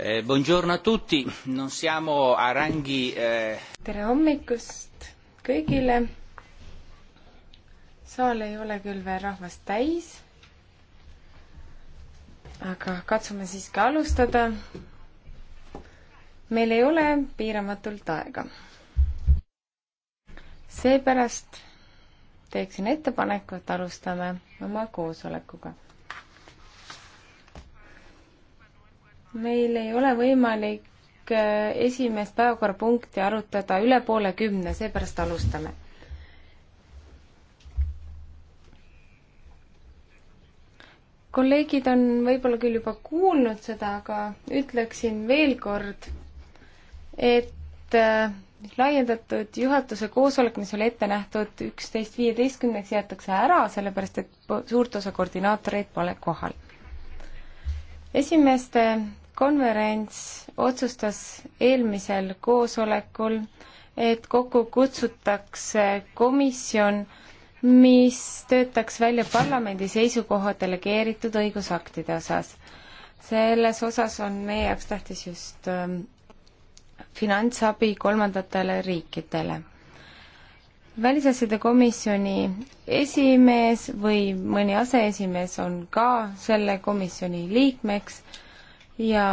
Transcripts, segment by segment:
Eh, buongiorno a tutti, non siamo a ranghi eh... tere hommikust kõigile. saal ei ole küll veel rahvast täis. aga katsume siiski alustada. meil ei ole piiramatult aega. seepärast teeksin ettepaneku, et alustame oma koosolekuga meil ei ole võimalik äh, esimest päevakorrapunkti arutada üle poole kümne, seepärast alustame. kolleegid on võib-olla küll juba kuulnud seda, aga ütleksin veel kord, et äh, laiendatud juhatuse koosolek, mis oli ette nähtud üksteist viieteistkümneks, jäetakse ära, sellepärast et suurt osa koordinaatoreid pole kohal esimeste konverents otsustas eelmisel koosolekul, et kokku kutsutakse komisjon, mis töötaks välja parlamendi seisukoha delegeeritud õigusaktide osas. selles osas on meie jaoks tähtis just ähm, finantsabi kolmandatele riikidele välisasjade komisjoni esimees või mõni aseesimees on ka selle komisjoni liikmeks ja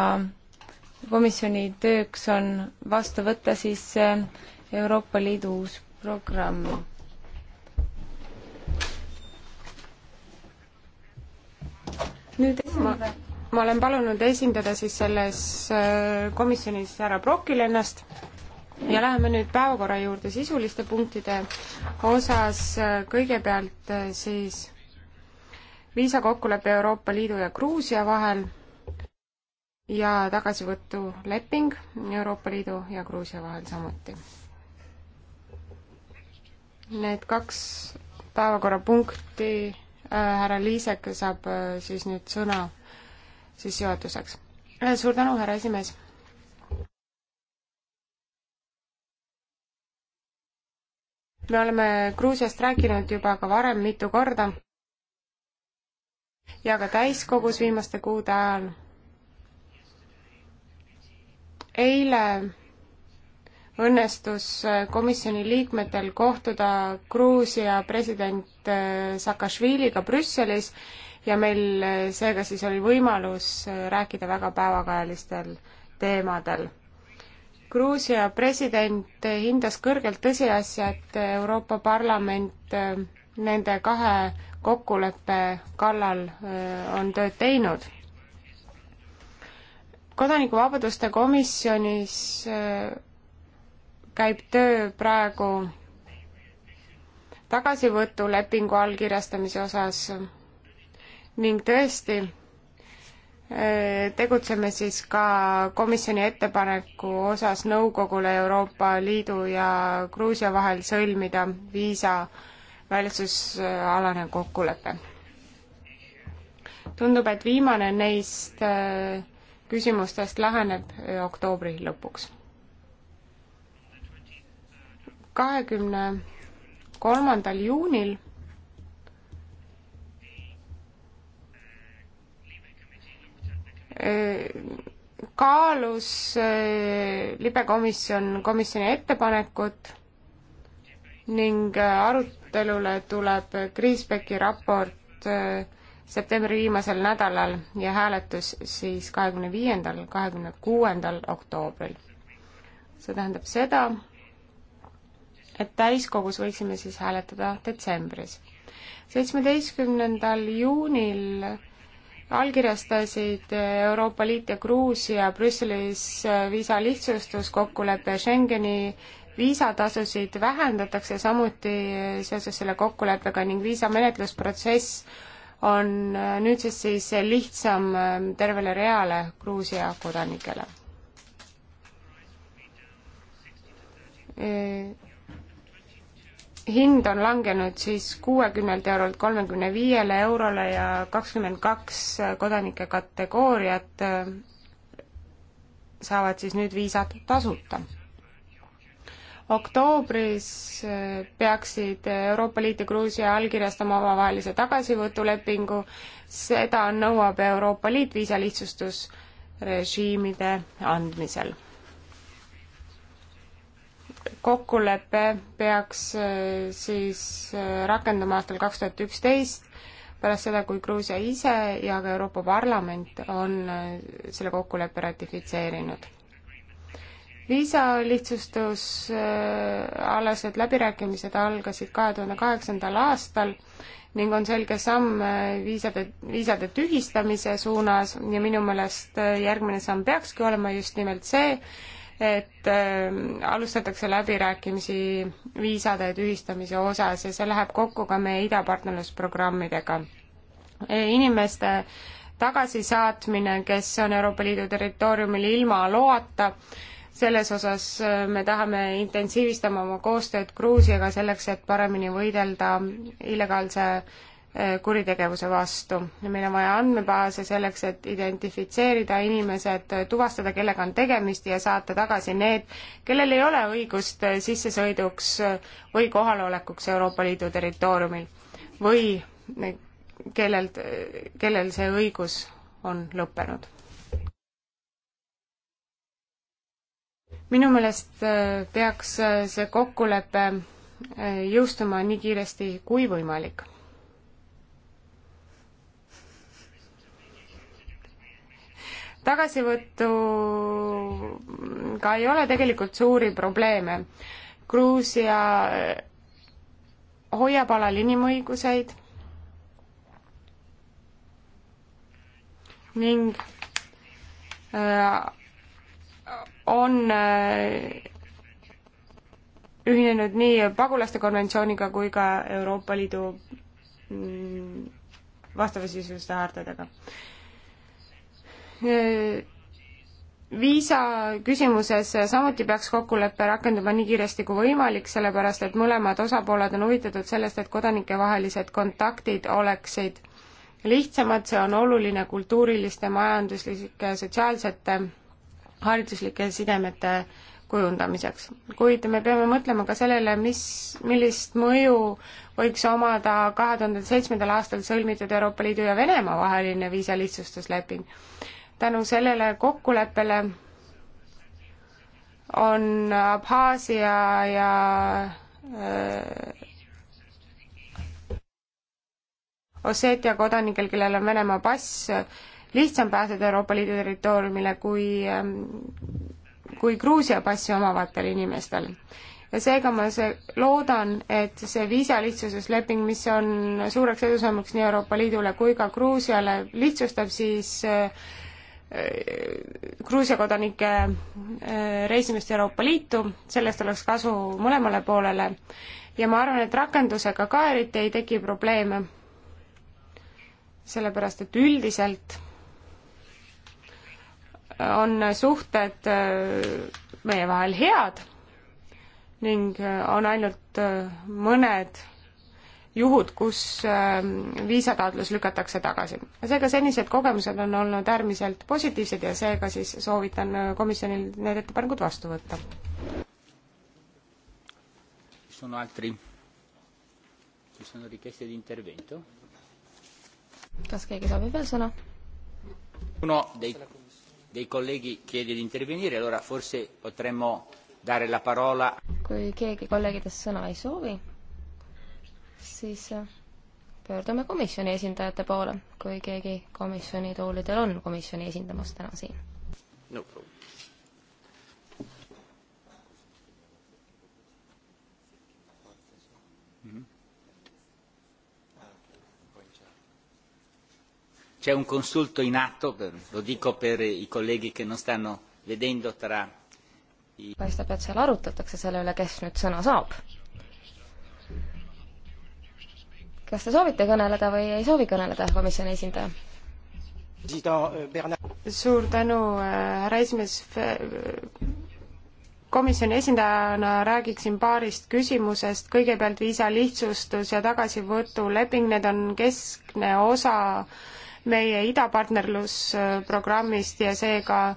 komisjoni tööks on vastu võtta siis äh, Euroopa Liidu uus programm. nüüd esimene ma olen palunud esindada siis selles äh, komisjonis härra Brokil ennast ja läheme nüüd päevakorra juurde sisuliste punktide osas, kõigepealt äh, siis viisakokkulepe Euroopa Liidu ja Gruusia vahel ja tagasivõtuleping Euroopa Liidu ja Gruusia vahel samuti. Need kaks päevakorrapunkti äh, härra Liisek saab äh, siis nüüd sõna sissejuhatuseks. suur tänu, härra esimees me oleme Gruusiast rääkinud juba ka varem mitu korda ja ka täiskogus viimaste kuude ajal. eile õnnestus komisjoni liikmetel kohtuda Gruusia president Saakašviliga Brüsselis ja meil seega siis oli võimalus rääkida väga päevakajalistel teemadel Gruusia president hindas kõrgelt tõsiasja, et Euroopa Parlament äh, nende kahe kokkuleppe kallal äh, on tööd teinud. kodanikuvabaduste komisjonis äh, käib töö praegu tagasivõtulepingu allkirjastamise osas ning tõesti, Äh, tegutseme siis ka komisjoni ettepaneku osas nõukogule Euroopa Liidu ja Gruusia vahel sõlmida viisa välisusalane kokkulepe. tundub, et viimane neist äh, küsimustest läheneb äh, oktoobri lõpuks. kahekümne kolmandal juunil kaalus eh, libekomisjon komisjoni ettepanekut ning eh, arutelule tuleb Kriisbecki raport eh, septembri viimasel nädalal ja hääletus siis kahekümne viiendal, kahekümne kuuendal oktoobril. see tähendab seda, et täiskogus võiksime siis hääletada detsembris. seitsmeteistkümnendal juunil allkirjastasid Euroopa Liit ja Gruusia Brüsselis viisa lihtsustuskokkuleppe Schengeni viisatasusid vähendatakse samuti seoses selle kokkuleppega ning viisamenetlusprotsess on nüüdsest siis lihtsam tervele reale Gruusia kodanikele hind on langenud siis kuuekümnelt eurolt kolmekümne viiele eurole ja kakskümmend kaks kodanike kategooriat äh, saavad siis nüüd viisad tasuta. oktoobris äh, peaksid Euroopa Liit ja Gruusia allkirjastama omavahelise tagasivõtulepingu, seda nõuab Euroopa Liit viisalihtsustusrežiimide andmisel kokkulepe peaks äh, siis äh, rakenduma aastal kaks tuhat üksteist, pärast seda, kui Gruusia ise ja ka Euroopa Parlament on äh, selle kokkuleppe ratifitseerinud. viisalihtsustusalased läbirääkimised algasid kahe tuhande kaheksandal aastal ning on selge samm viisade, viisade tühistamise suunas ja minu meelest järgmine samm peakski olema just nimelt see, et ähm, alustatakse läbirääkimisi viisade tühistamise osas ja see läheb kokku ka meie idapartnerlusprogrammidega. E, inimeste tagasisaatmine, kes on Euroopa Liidu territooriumil ilma loata, selles osas e, me tahame intensiivistama oma koostööd Gruusiaga selleks, et paremini võidelda illegaalse Eh, kuritegevuse vastu. meil on vaja andmebaase selleks, et identifitseerida inimesed, tuvastada, kellega on tegemist ja saata tagasi need, kellel ei ole õigust sissesõiduks või kohalolekuks Euroopa Liidu territooriumil või kellelt, kellel see õigus on lõppenud. minu meelest eh, peaks eh, see kokkulepe jõustuma nii kiiresti kui võimalik tagasivõtuga ei ole tegelikult suuri probleeme. Gruusia hoiab alal inimõiguseid ning äh, on äh, ühinenud nii pagulaste konventsiooniga kui ka Euroopa Liidu mm, vastavasisuste haardadega viisa küsimuses samuti peaks kokkulepe rakenduma nii kiiresti kui võimalik, sellepärast et mõlemad osapooled on huvitatud sellest, et kodanikevahelised kontaktid oleksid lihtsamad, see on oluline kultuuriliste, majanduslike, sotsiaalsete, hariduslike sidemete kujundamiseks. kuid me peame mõtlema ka sellele, mis, millist mõju võiks omada kahe tuhande seitsmendal aastal sõlmitud Euroopa Liidu ja Venemaa vaheline viisalihtsustusleping tänu sellele kokkuleppele on Abhaasia ja äh, Osseetia kodanikel, kellel on Venemaa pass, lihtsam pääseda Euroopa Liidu territooriumile kui, ähm, kui Gruusia passi omavatel inimestel. ja seega ma see, loodan, et see viisalihtsustusleping, mis on suureks edusammuks nii Euroopa Liidule kui ka Gruusiale, lihtsustab siis äh, Äh, Gruusia kodanike äh, reisimist Euroopa Liitu, sellest oleks kasu mõlemale poolele ja ma arvan, et rakendusega ka eriti ei teki probleeme, sellepärast et üldiselt on suhted äh, meie vahel head ning on ainult mõned juhud, kus ähm, viisataotlus lükatakse tagasi. seega senised kogemused on olnud äärmiselt positiivsed ja seega siis soovitan äh, komisjonil need ettepanekud vastu võtta. kas keegi soovib veel sõna? uno dei, dei colleghi chiede di intervenire, allora forse potremmo dare la parola. kui keegi kolleegidest sõna ei soovi siis äh, pöördume komisjoni esindajate poole, kui keegi komisjoni toolidel on komisjoni esindamas täna siin no. Mm -hmm. C'è un consulto in atto, per, lo dico per i colleghi che non stanno vedendo tra i... paistab, et seal arutatakse selle üle, kes nüüd sõna saab kas te soovite kõneleda või ei soovi kõneleda, komisjoni esindaja? suur tänu, äh, härra esimees. komisjoni esindajana räägiksin paarist küsimusest. kõigepealt viisa lihtsustus ja tagasivõtuleping, need on keskne osa meie idapartnerlusprogrammist ja seega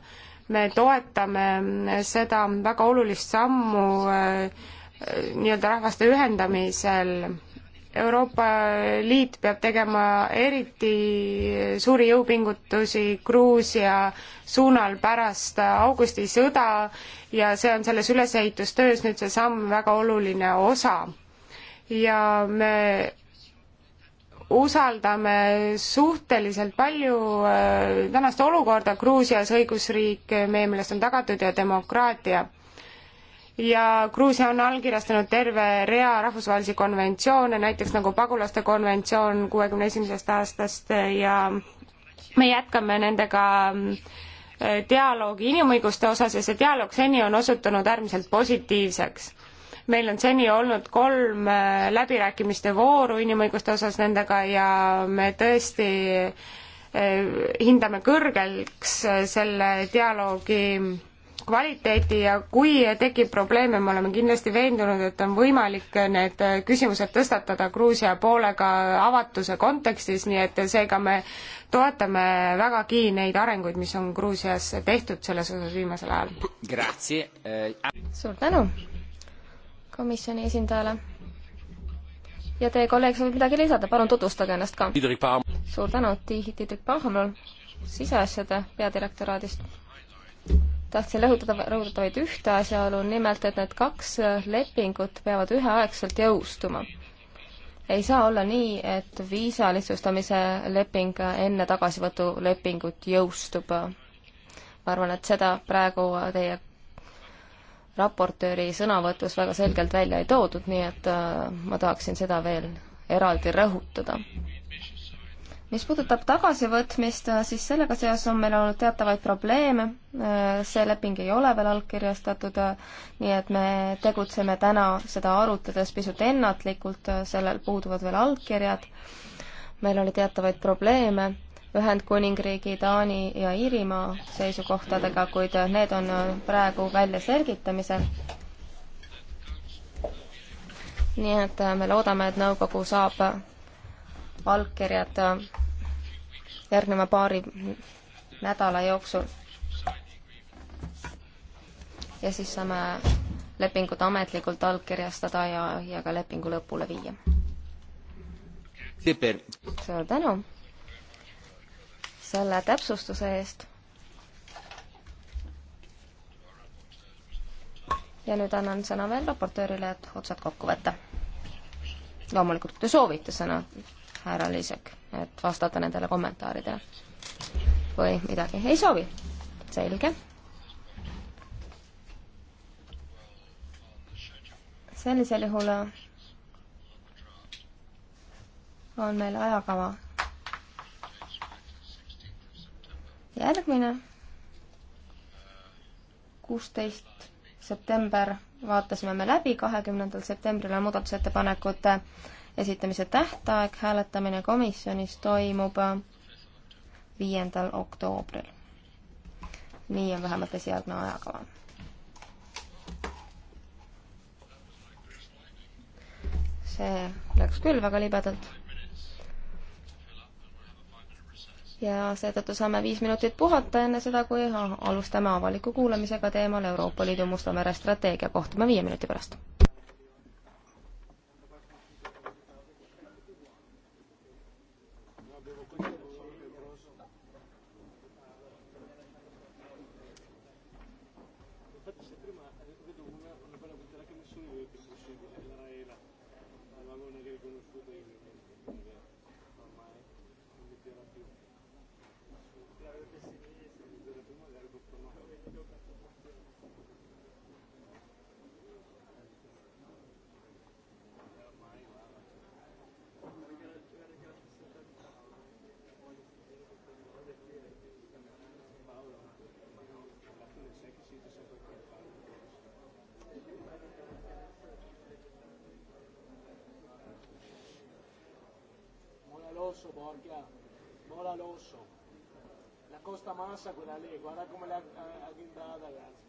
me toetame seda väga olulist sammu äh, äh, nii-öelda rahvaste ühendamisel Euroopa Liit peab tegema eriti suuri jõupingutusi Gruusia suunal pärast augustisõda ja see on selles ülesehitustöös nüüd see samm väga oluline osa. ja me usaldame suhteliselt palju äh, tänast olukorda Gruusias, õigusriik meie meelest on tagatud ja demokraatia ja Gruusia on allkirjastanud terve rea rahvusvahelisi konventsioone, näiteks nagu pagulaste konventsioon kuuekümne esimesest aastast eh, ja me jätkame nendega mm, eh, dialoogi inimõiguste osas ja see dialoog seni on osutunud äärmiselt positiivseks. meil on seni olnud kolm eh, läbirääkimiste vooru inimõiguste osas nendega ja me tõesti hindame kõrgeks selle dialoogi kvaliteeti ja kui tekib probleeme, me oleme kindlasti veendunud, et on võimalik need küsimused tõstatada Gruusia poolega avatuse kontekstis, nii et seega me toetame vägagi neid arenguid, mis on Gruusias tehtud selles osas viimasel ajal. suur tänu komisjoni esindajale ja teie kolleeg soovib midagi lisada, palun tutvustage ennast ka. suur tänu, Tiit Tiidrik Pahamol siseasjade peadirektoraadist tahtsin rõhutada, rõhutada vaid ühte asjaolu, nimelt et need kaks lepingut peavad üheaegselt jõustuma. ei saa olla nii, et viisa lihtsustamise leping enne tagasivõtulepingut jõustub. ma arvan, et seda praegu teie raportööri sõnavõtus väga selgelt välja ei toodud, nii et äh, ma tahaksin seda veel eraldi rõhutada mis puudutab tagasivõtmist, äh, siis sellega seoses on meil olnud teatavaid probleeme, äh, see leping ei ole veel allkirjastatud, äh, nii et me tegutseme täna seda arutades pisut ennatlikult, sellel puuduvad veel allkirjad, meil oli teatavaid probleeme Ühendkuningriigi, Taani ja Iirimaa seisukohtadega, kuid need on praegu välja selgitamisel nii et me loodame, et nõukogu saab allkirjad äh, järgneva paari nädala jooksul. ja siis saame lepingud ametlikult allkirjastada ja, ja ka lepingu lõpule viia. suur tänu selle täpsustuse eest. ja nüüd annan sõna veel raportöörile, et otsad kokku võtta. loomulikult, kui te soovite sõna härra Liisek, et vastata nendele kommentaaridele? või midagi ei soovi? selge. sellisel juhul on meil ajakava järgmine, kuusteist september vaatasime me läbi, kahekümnendal septembril on muudatusettepanekute esitamise tähtaeg, hääletamine komisjonis toimub viiendal oktoobril. nii on vähemalt esialgne ajakava. see läks küll väga libedalt. ja seetõttu saame viis minutit puhata enne seda, kui alustame avaliku kuulamisega teemal Euroopa Liidu Musta mere strateegia. kohtume viie minuti pärast. l'osso, porca. Ah. Mola l'osso. La Costa Massa quella lì, guarda come l'ha agghindata, ragazzi.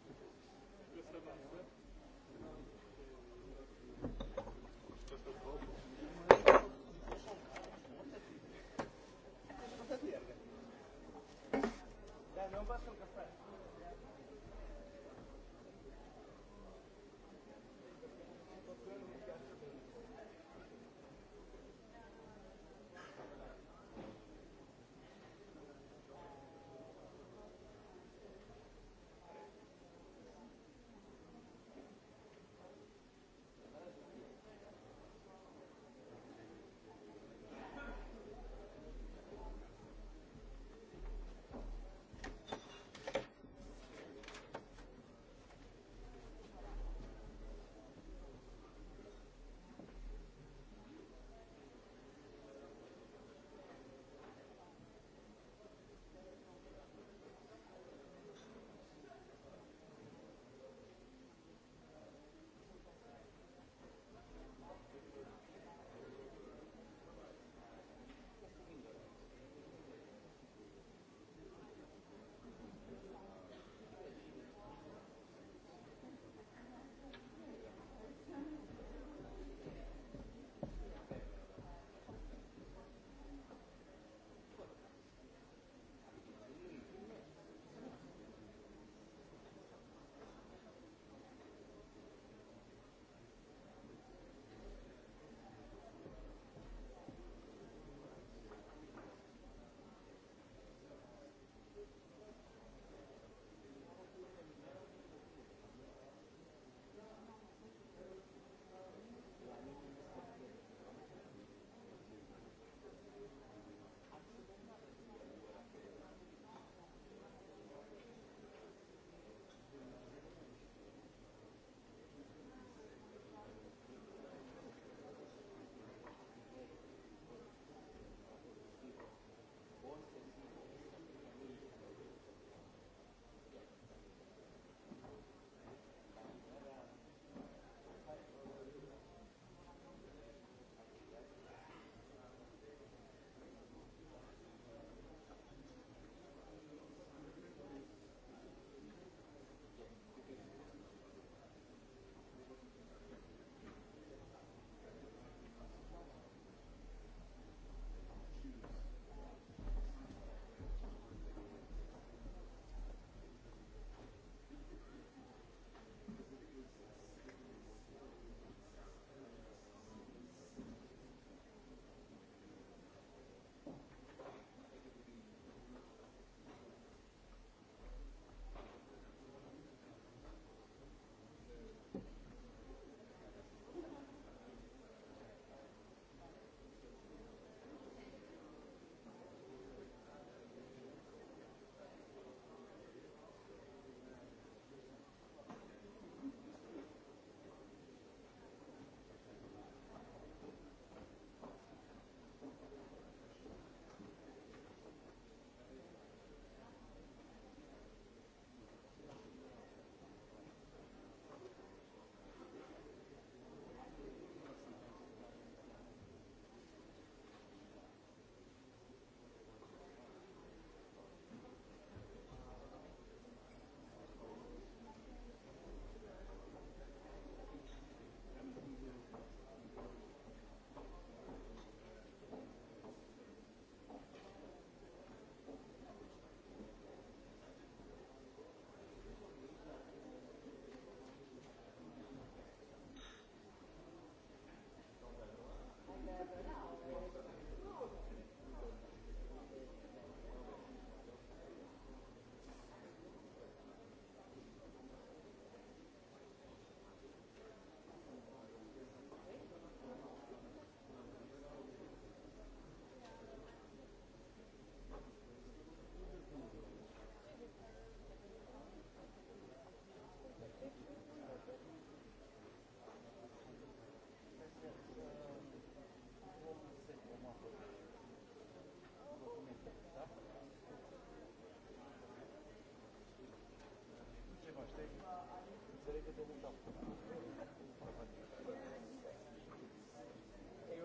Io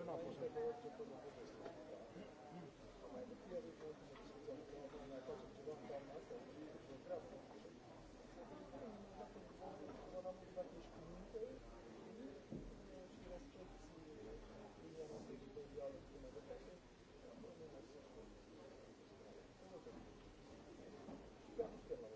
no, forse tutto dopo questo. Ma in più avevo una cosa che non fa mai, che non troppo. Sono arrivati scomunque, ci rastrezzi, vediamo se ci togliamo prima di questo. Non è una cosa. Ci capisco la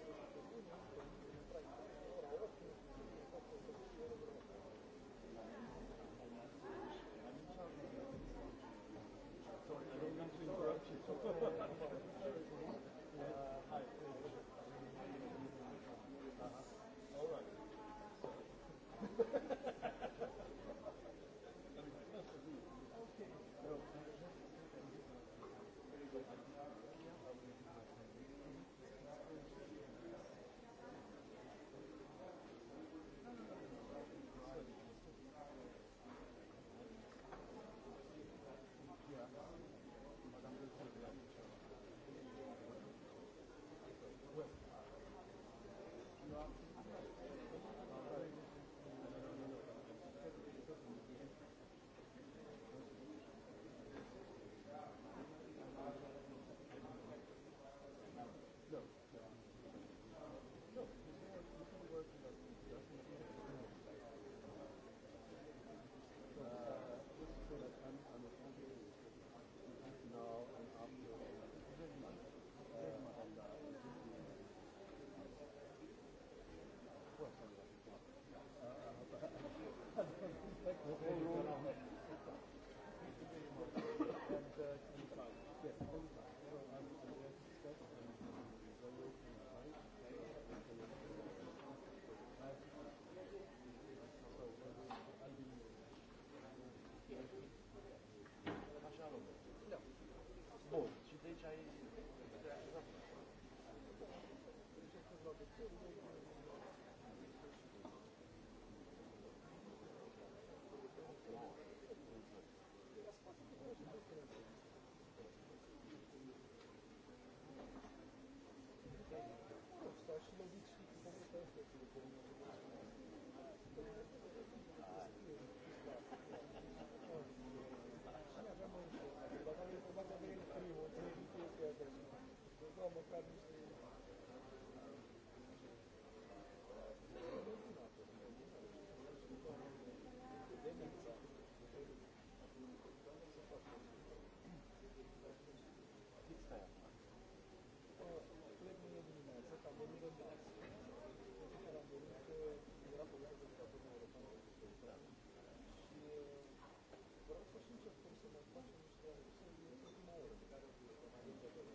Domnul Carniște. Plec mâine dimineață, că am vorbit de acțiune, pentru care am vorbit că era politică de la Uniunea Europeană și vreau să și încercăm să mai facem niște analize de prima oră, de care mai lungă de la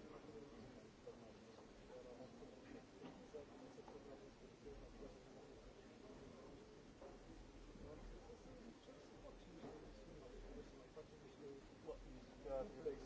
Thank you.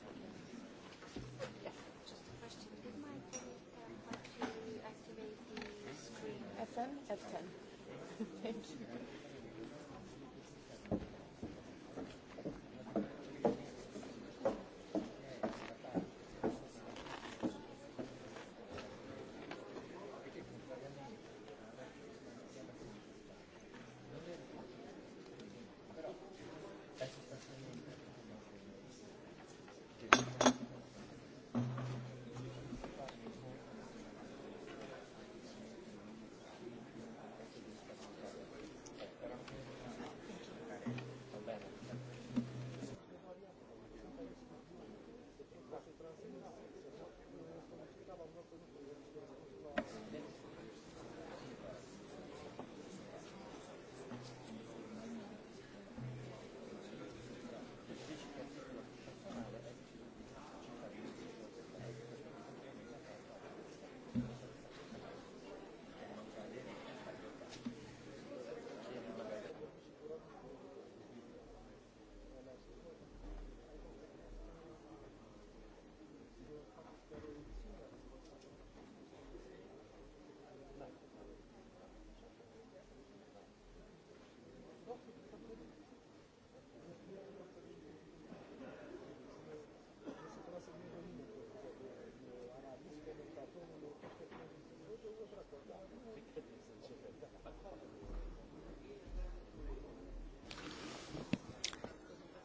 F10? F10. Thank you.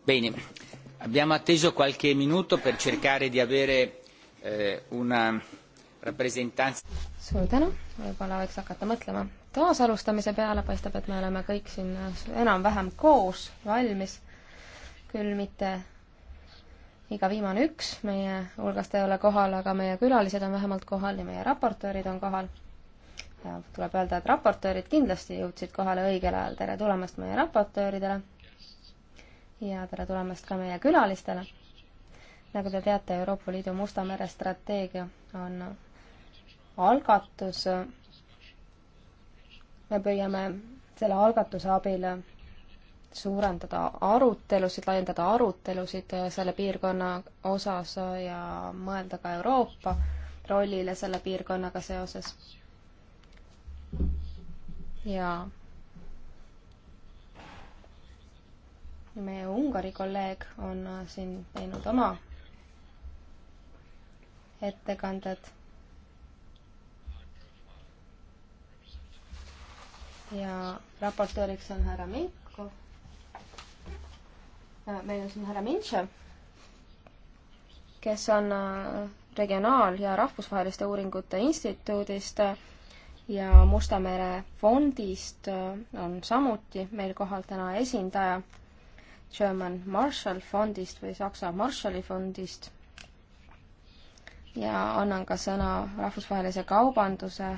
Bene, abbiamo atteso qualche minuto per cercare di avere eh, una representanza. suur tänu, võib-olla võiks hakata mõtlema taasalustamise peale, paistab, et me oleme kõik siin enam-vähem koos valmis, küll mitte iga viimane üks meie hulgast ei ole kohal, aga meie külalised on vähemalt kohal ja meie raportöörid on kohal. ja tuleb öelda, et raportöörid kindlasti jõudsid kohale õigel ajal, tere tulemast meie raportööridele ja tere tulemast ka meie külalistele. nagu te teate, Euroopa Liidu Musta mere strateegia on algatus. me püüame selle algatuse abil suurendada arutelusid, laiendada arutelusid selle piirkonna osas ja mõelda ka Euroopa rollile selle piirkonnaga seoses. ja meie Ungari kolleeg on äh, siin teinud oma ettekanded. ja raportööriks on härra Minko. Äh, meil on siin härra Mintšev, kes on äh, regionaal- ja rahvusvaheliste uuringute instituudist ja Musta mere fondist on samuti meil kohal täna esindaja German Marshall fondist või Saksa Marshalli fondist ja annan ka sõna rahvusvahelise kaubanduse,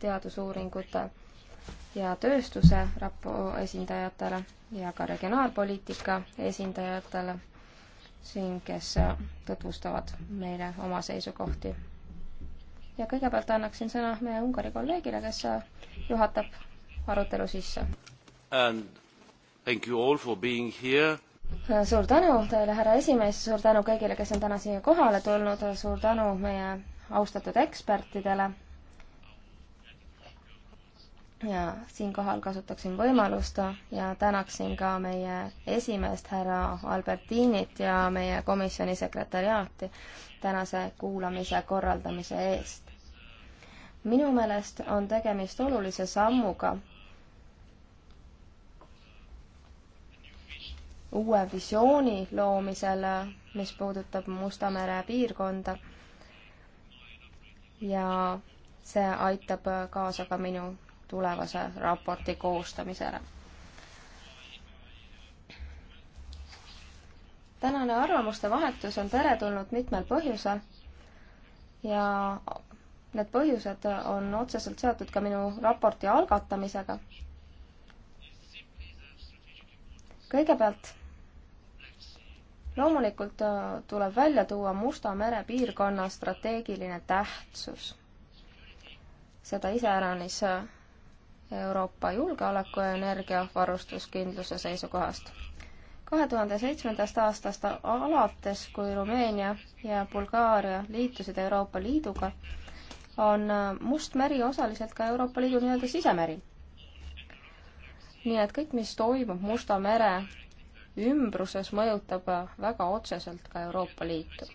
teadusuuringute ja tööstuse rapo-, esindajatele ja ka regionaalpoliitika esindajatele siin, kes tutvustavad meile oma seisukohti. ja kõigepealt annaksin sõna meie Ungari kolleegile, kes juhatab arutelu sisse. And Thank you all for being here. suur tänu teile, härra esimees, suur tänu kõigile, kes on täna siia kohale tulnud, suur tänu meie austatud ekspertidele. ja siinkohal kasutaksin võimalust ja tänaksin ka meie esimeest härra Albertinit ja meie komisjoni sekretäriaati tänase kuulamise korraldamise eest. minu meelest on tegemist olulise sammuga uue visiooni loomisel, mis puudutab Musta mere piirkonda. ja see aitab kaasa ka minu tulevase raporti koostamisele. tänane arvamuste vahetus on teretulnud mitmel põhjusel ja need põhjused on otseselt seotud ka minu raporti algatamisega kõigepealt loomulikult äh, tuleb välja tuua Musta mere piirkonna strateegiline tähtsus. seda iseäranis äh, Euroopa julgeoleku ja energiavarustuskindluse seisukohast. kahe tuhande seitsmendast aastast alates, kui Rumeenia ja Bulgaaria liitusid Euroopa Liiduga, on äh, Must meri osaliselt ka Euroopa Liidu nii-öelda sisemeri nii et kõik, mis toimub Musta mere ümbruses, mõjutab väga otseselt ka Euroopa Liitu.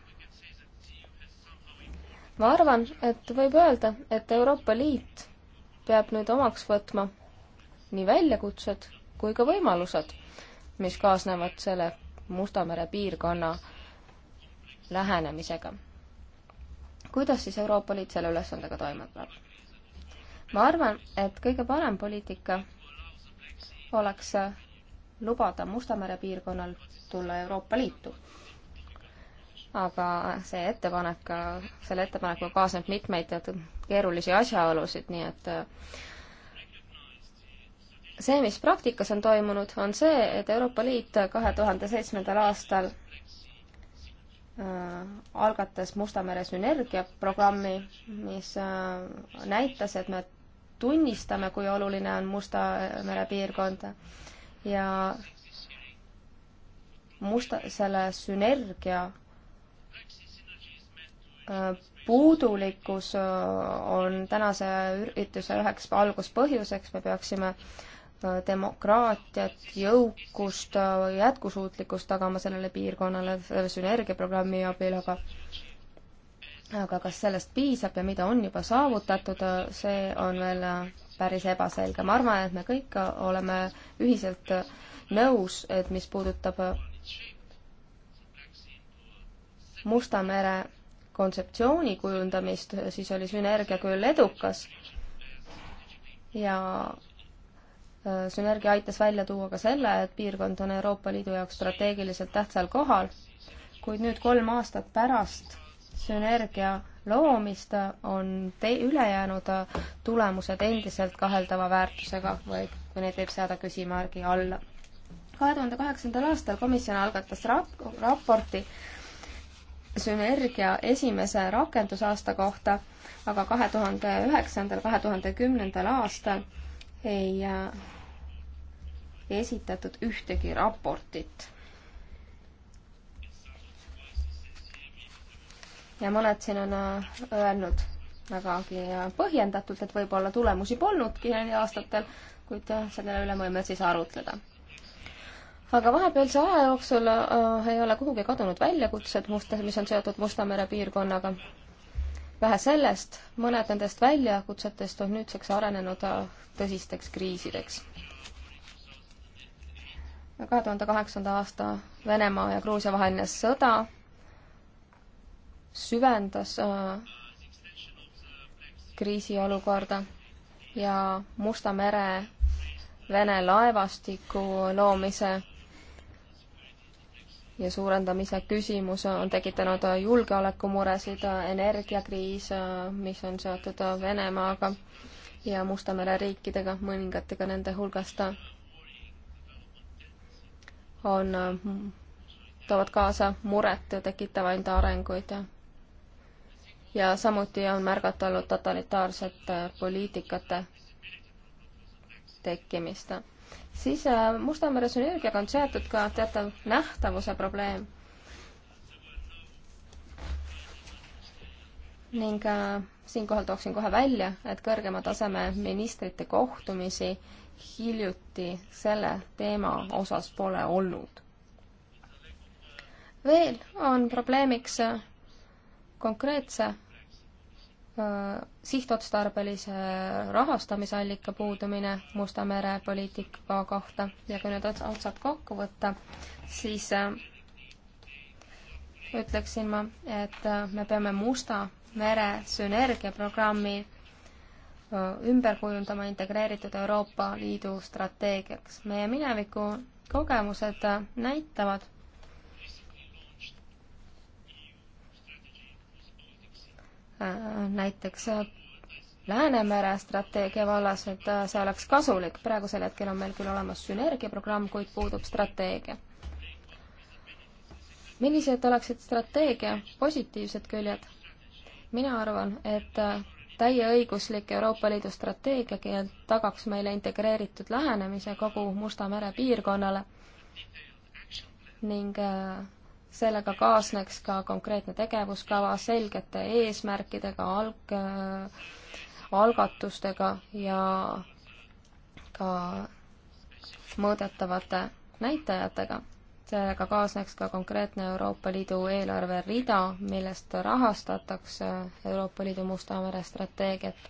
ma arvan, et võib öelda, et Euroopa Liit peab nüüd omaks võtma nii väljakutsed kui ka võimalused, mis kaasnevad selle Musta mere piirkonna lähenemisega. kuidas siis Euroopa Liit selle ülesandega toimetab? ma arvan, et kõige parem poliitika oleks lubada Musta mere piirkonnal tulla Euroopa Liitu. aga see ettepanek, selle ettepanekuga kaasneb mitmeid keerulisi asjaolusid, nii et äh, see, mis praktikas on toimunud, on see, et Euroopa Liit kahe tuhande seitsmendal aastal äh, algatas Musta mere sünergiaprogrammi, mis äh, näitas, et me tunnistame, kui oluline on Musta mere piirkond ja musta, selle sünergia äh, puudulikkus äh, on tänase ürituse üheks alguspõhjuseks, me peaksime äh, demokraatiat, jõukust, jätkusuutlikkust tagama sellele piirkonnale selle sünergiaprogrammi abil, aga aga kas sellest piisab ja mida on juba saavutatud, see on veel päris ebaselge. ma arvan, et me kõik oleme ühiselt nõus, et mis puudutab Musta mere kontseptsiooni kujundamist, siis oli sünergia küll edukas ja äh, sünergia aitas välja tuua ka selle, et piirkond on Euroopa Liidu jaoks strateegiliselt tähtsal kohal, kuid nüüd kolm aastat pärast sünergia loomist, on te-, ülejäänud tulemused endiselt kaheldava väärtusega või, või neid võib seada küsimärgi alla. kahe tuhande kaheksandal aastal komisjon algatas rap-, raporti sünergia esimese rakendusaasta kohta, aga kahe tuhande üheksandal, kahe tuhande kümnendal aastal ei, ei äh, esitatud ühtegi raportit ja mõned siin on äh, öelnud vägagi äh, põhjendatult, et võib-olla tulemusi polnudki neil aastatel, kuid äh, selle üle võime siis arutleda. aga vahepealse aja jooksul äh, ei ole kuhugi kadunud väljakutsed, musta, mis on seotud Musta mere piirkonnaga. vähe sellest, mõned nendest väljakutsetest on nüüdseks arenenud tõsisteks kriisideks. kahe tuhande kaheksanda aasta Venemaa ja Gruusia vaheline sõda süvendas äh, kriisiolukorda ja Musta mere Vene laevastiku loomise ja suurendamise küsimus on tekitanud julgeolekumuresid, energiakriis, mis on seotud Venemaaga ja Musta mere riikidega, mõningatega nende hulgast on, toovad kaasa muret tekitavaid arenguid ja ja samuti on märgata olnud totalitaarsete äh, poliitikate tekkimist. siis äh, Musta mere sünergiaga on seotud ka teatav nähtavuse probleem. ning äh, siinkohal tooksin kohe välja, et kõrgema taseme ministrite kohtumisi hiljuti selle teema osas pole olnud. veel on probleemiks konkreetse sihtotstarbelise rahastamisallika puudumine Musta mere poliitika kohta ja kui need otsad kokku võtta, siis ütleksin ma, et me peame Musta mere sünergiaprogrammi ümber kujundama integreeritud Euroopa Liidu strateegiaks. meie mineviku kogemused näitavad, Äh, näiteks äh, Läänemere strateegia vallas, et äh, see oleks kasulik. praegusel hetkel on meil küll olemas sünergiaprogramm, kuid puudub strateegia. millised oleksid strateegia positiivsed küljed? mina arvan, et täieõiguslik Euroopa Liidu strateegia tagaks meile integreeritud lähenemise kogu Musta mere piirkonnale ning sellega kaasneks ka konkreetne tegevuskava selgete eesmärkidega, alg- äh,, algatustega ja ka mõõdetavate näitajatega. sellega kaasneks ka konkreetne Euroopa Liidu eelarverida, millest rahastatakse Euroopa Liidu Musta mere strateegiat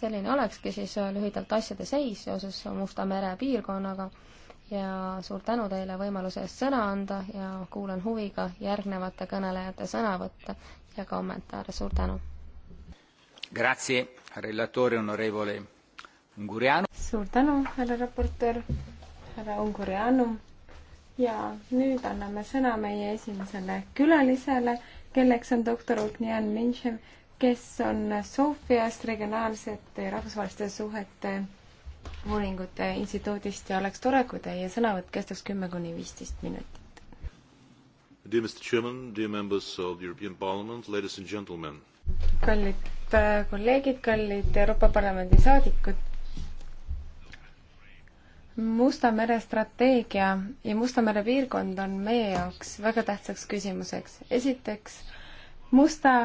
selline olekski siis äh, lühidalt asjade seis seoses Musta mere piirkonnaga ja suur tänu teile võimaluse eest sõna anda ja kuulan huviga järgnevate kõnelejate sõnavõtte ja kommentaare, suur tänu! suur tänu, härra raportöör, härra Ungurianu ja nüüd anname sõna meie esimesele külalisele, kelleks on doktor Ognian Minšev, kes on Sofiast regionaalsete ja rahvusvaheliste suhete uuringute instituudist ja oleks tore, kui teie sõnavõtt kestaks kümme kuni viisteist minutit. Dear Mr Chairman, dear members of the European Parliament, ladies and gentlemen. kallid äh, kolleegid, kallid Euroopa Parlamendi saadikud. Musta mere strateegia ja Musta mere piirkond on meie jaoks väga tähtsaks küsimuseks. esiteks, Musta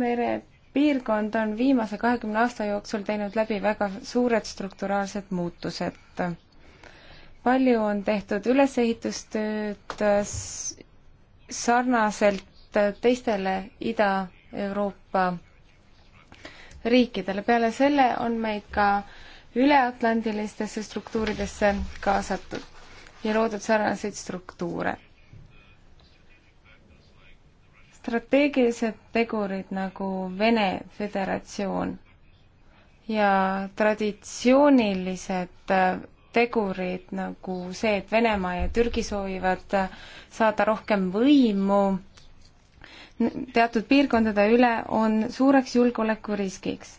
merepiirkond on viimase kahekümne aasta jooksul teinud läbi väga suured strukturaalsed muutused. palju on tehtud ülesehitustööd sarnaselt teistele Ida-Euroopa riikidele, peale selle on meid ka üleatlandilistesse struktuuridesse kaasatud ja loodud sarnaseid struktuure strateegilised tegurid nagu Vene Föderatsioon ja traditsioonilised äh, tegurid nagu see, et Venemaa ja Türgi soovivad äh, saada rohkem võimu teatud piirkondade üle, on suureks julgeolekuriskiks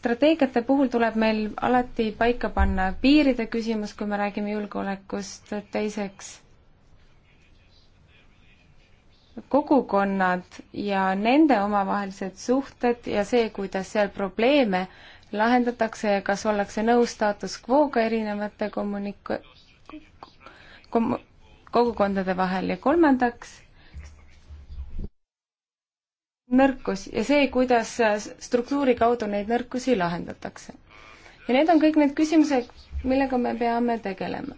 strateegiate puhul tuleb meil alati paika panna piiride küsimus, kui me räägime julgeolekust, teiseks kogukonnad ja nende omavahelised suhted ja see, kuidas seal probleeme lahendatakse ja kas ollakse nõus status quo'ga erinevate kommunik-, kom-, kogukondade vahel ja kolmandaks, nõrkus ja see, kuidas struktuuri kaudu neid nõrkusi lahendatakse. ja need on kõik need küsimused, millega me peame tegelema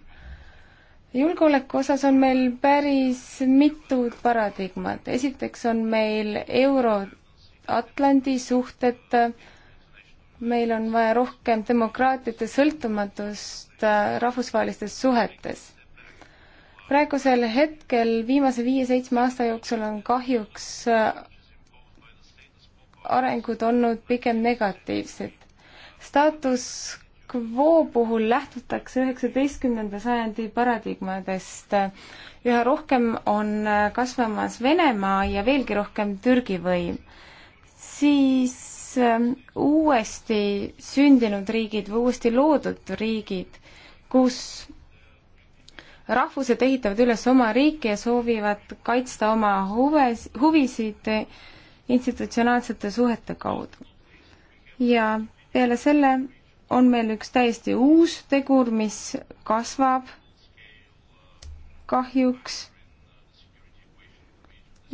julgeoleku osas on meil päris mitu paradigmat. esiteks on meil Euro-Atlandi suhted, meil on vaja rohkem demokraatiat ja sõltumatust äh, rahvusvahelistes suhetes. praegusel hetkel viimase viie-seitsme aasta jooksul on kahjuks äh, arengud olnud pigem negatiivsed. staatus quo puhul lähtutakse üheksateistkümnenda sajandi paradigmadest. üha rohkem on kasvamas Venemaa ja veelgi rohkem Türgi võim. siis ähm, uuesti sündinud riigid või uuesti loodud riigid, kus rahvused ehitavad üles oma riiki ja soovivad kaitsta oma huves, huvisid institutsionaalsete suhete kaudu. ja peale selle on meil üks täiesti uus tegur, mis kasvab kahjuks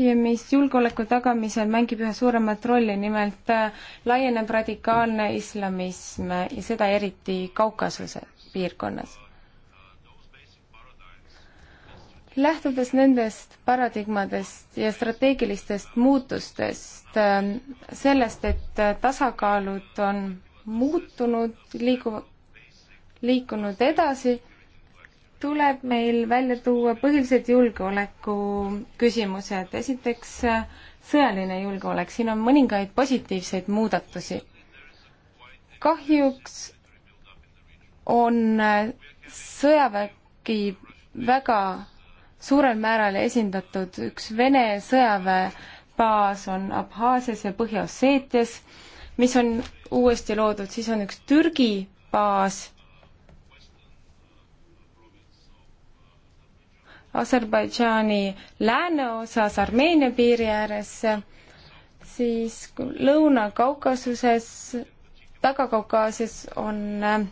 ja mis julgeoleku tagamisel mängib üha suuremat rolli, nimelt äh, laieneb radikaalne islamism ja seda eriti Kaukasuse piirkonnas. lähtudes nendest paradigmadest ja strateegilistest muutustest, äh, sellest, et äh, tasakaalud on muutunud, liiguv, liikunud edasi, tuleb meil välja tuua põhilised julgeoleku küsimused. esiteks sõjaline julgeolek, siin on mõningaid positiivseid muudatusi. kahjuks on sõjavägi väga suurel määral esindatud, üks Vene sõjaväebaas on Abhaasias ja Põhja-Osseetias mis on uuesti loodud, siis on üks Türgi baas, Aserbaidžaani lääneosas Armeenia piiri ääres, siis Lõuna-Kaukasuses, Taga-Kaukaasias on äh,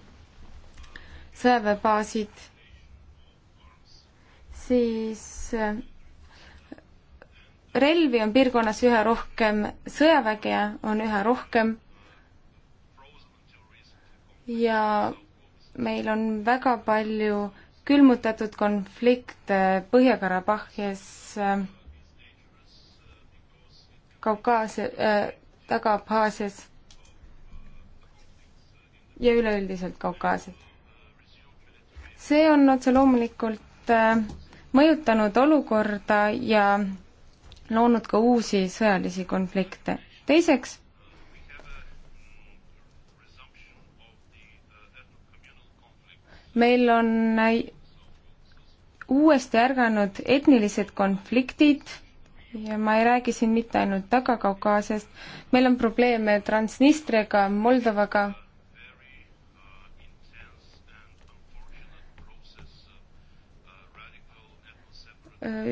sõjaväebaasid, siis äh, relvi on piirkonnas üha rohkem, sõjaväge on üha rohkem ja meil on väga palju külmutatud konflikte Põhja-Karabahhis, äh, Kaukaasia äh,, Taga-Abhaasias ja üleüldiselt Kaukaasias. see on otse loomulikult äh, mõjutanud olukorda ja loonud ka uusi sõjalisi konflikte. teiseks, meil on uuesti ärganud etnilised konfliktid ja ma ei räägi siin mitte ainult Taga-Kaukaasiast, meil on probleeme Transnistriaga, Moldovaga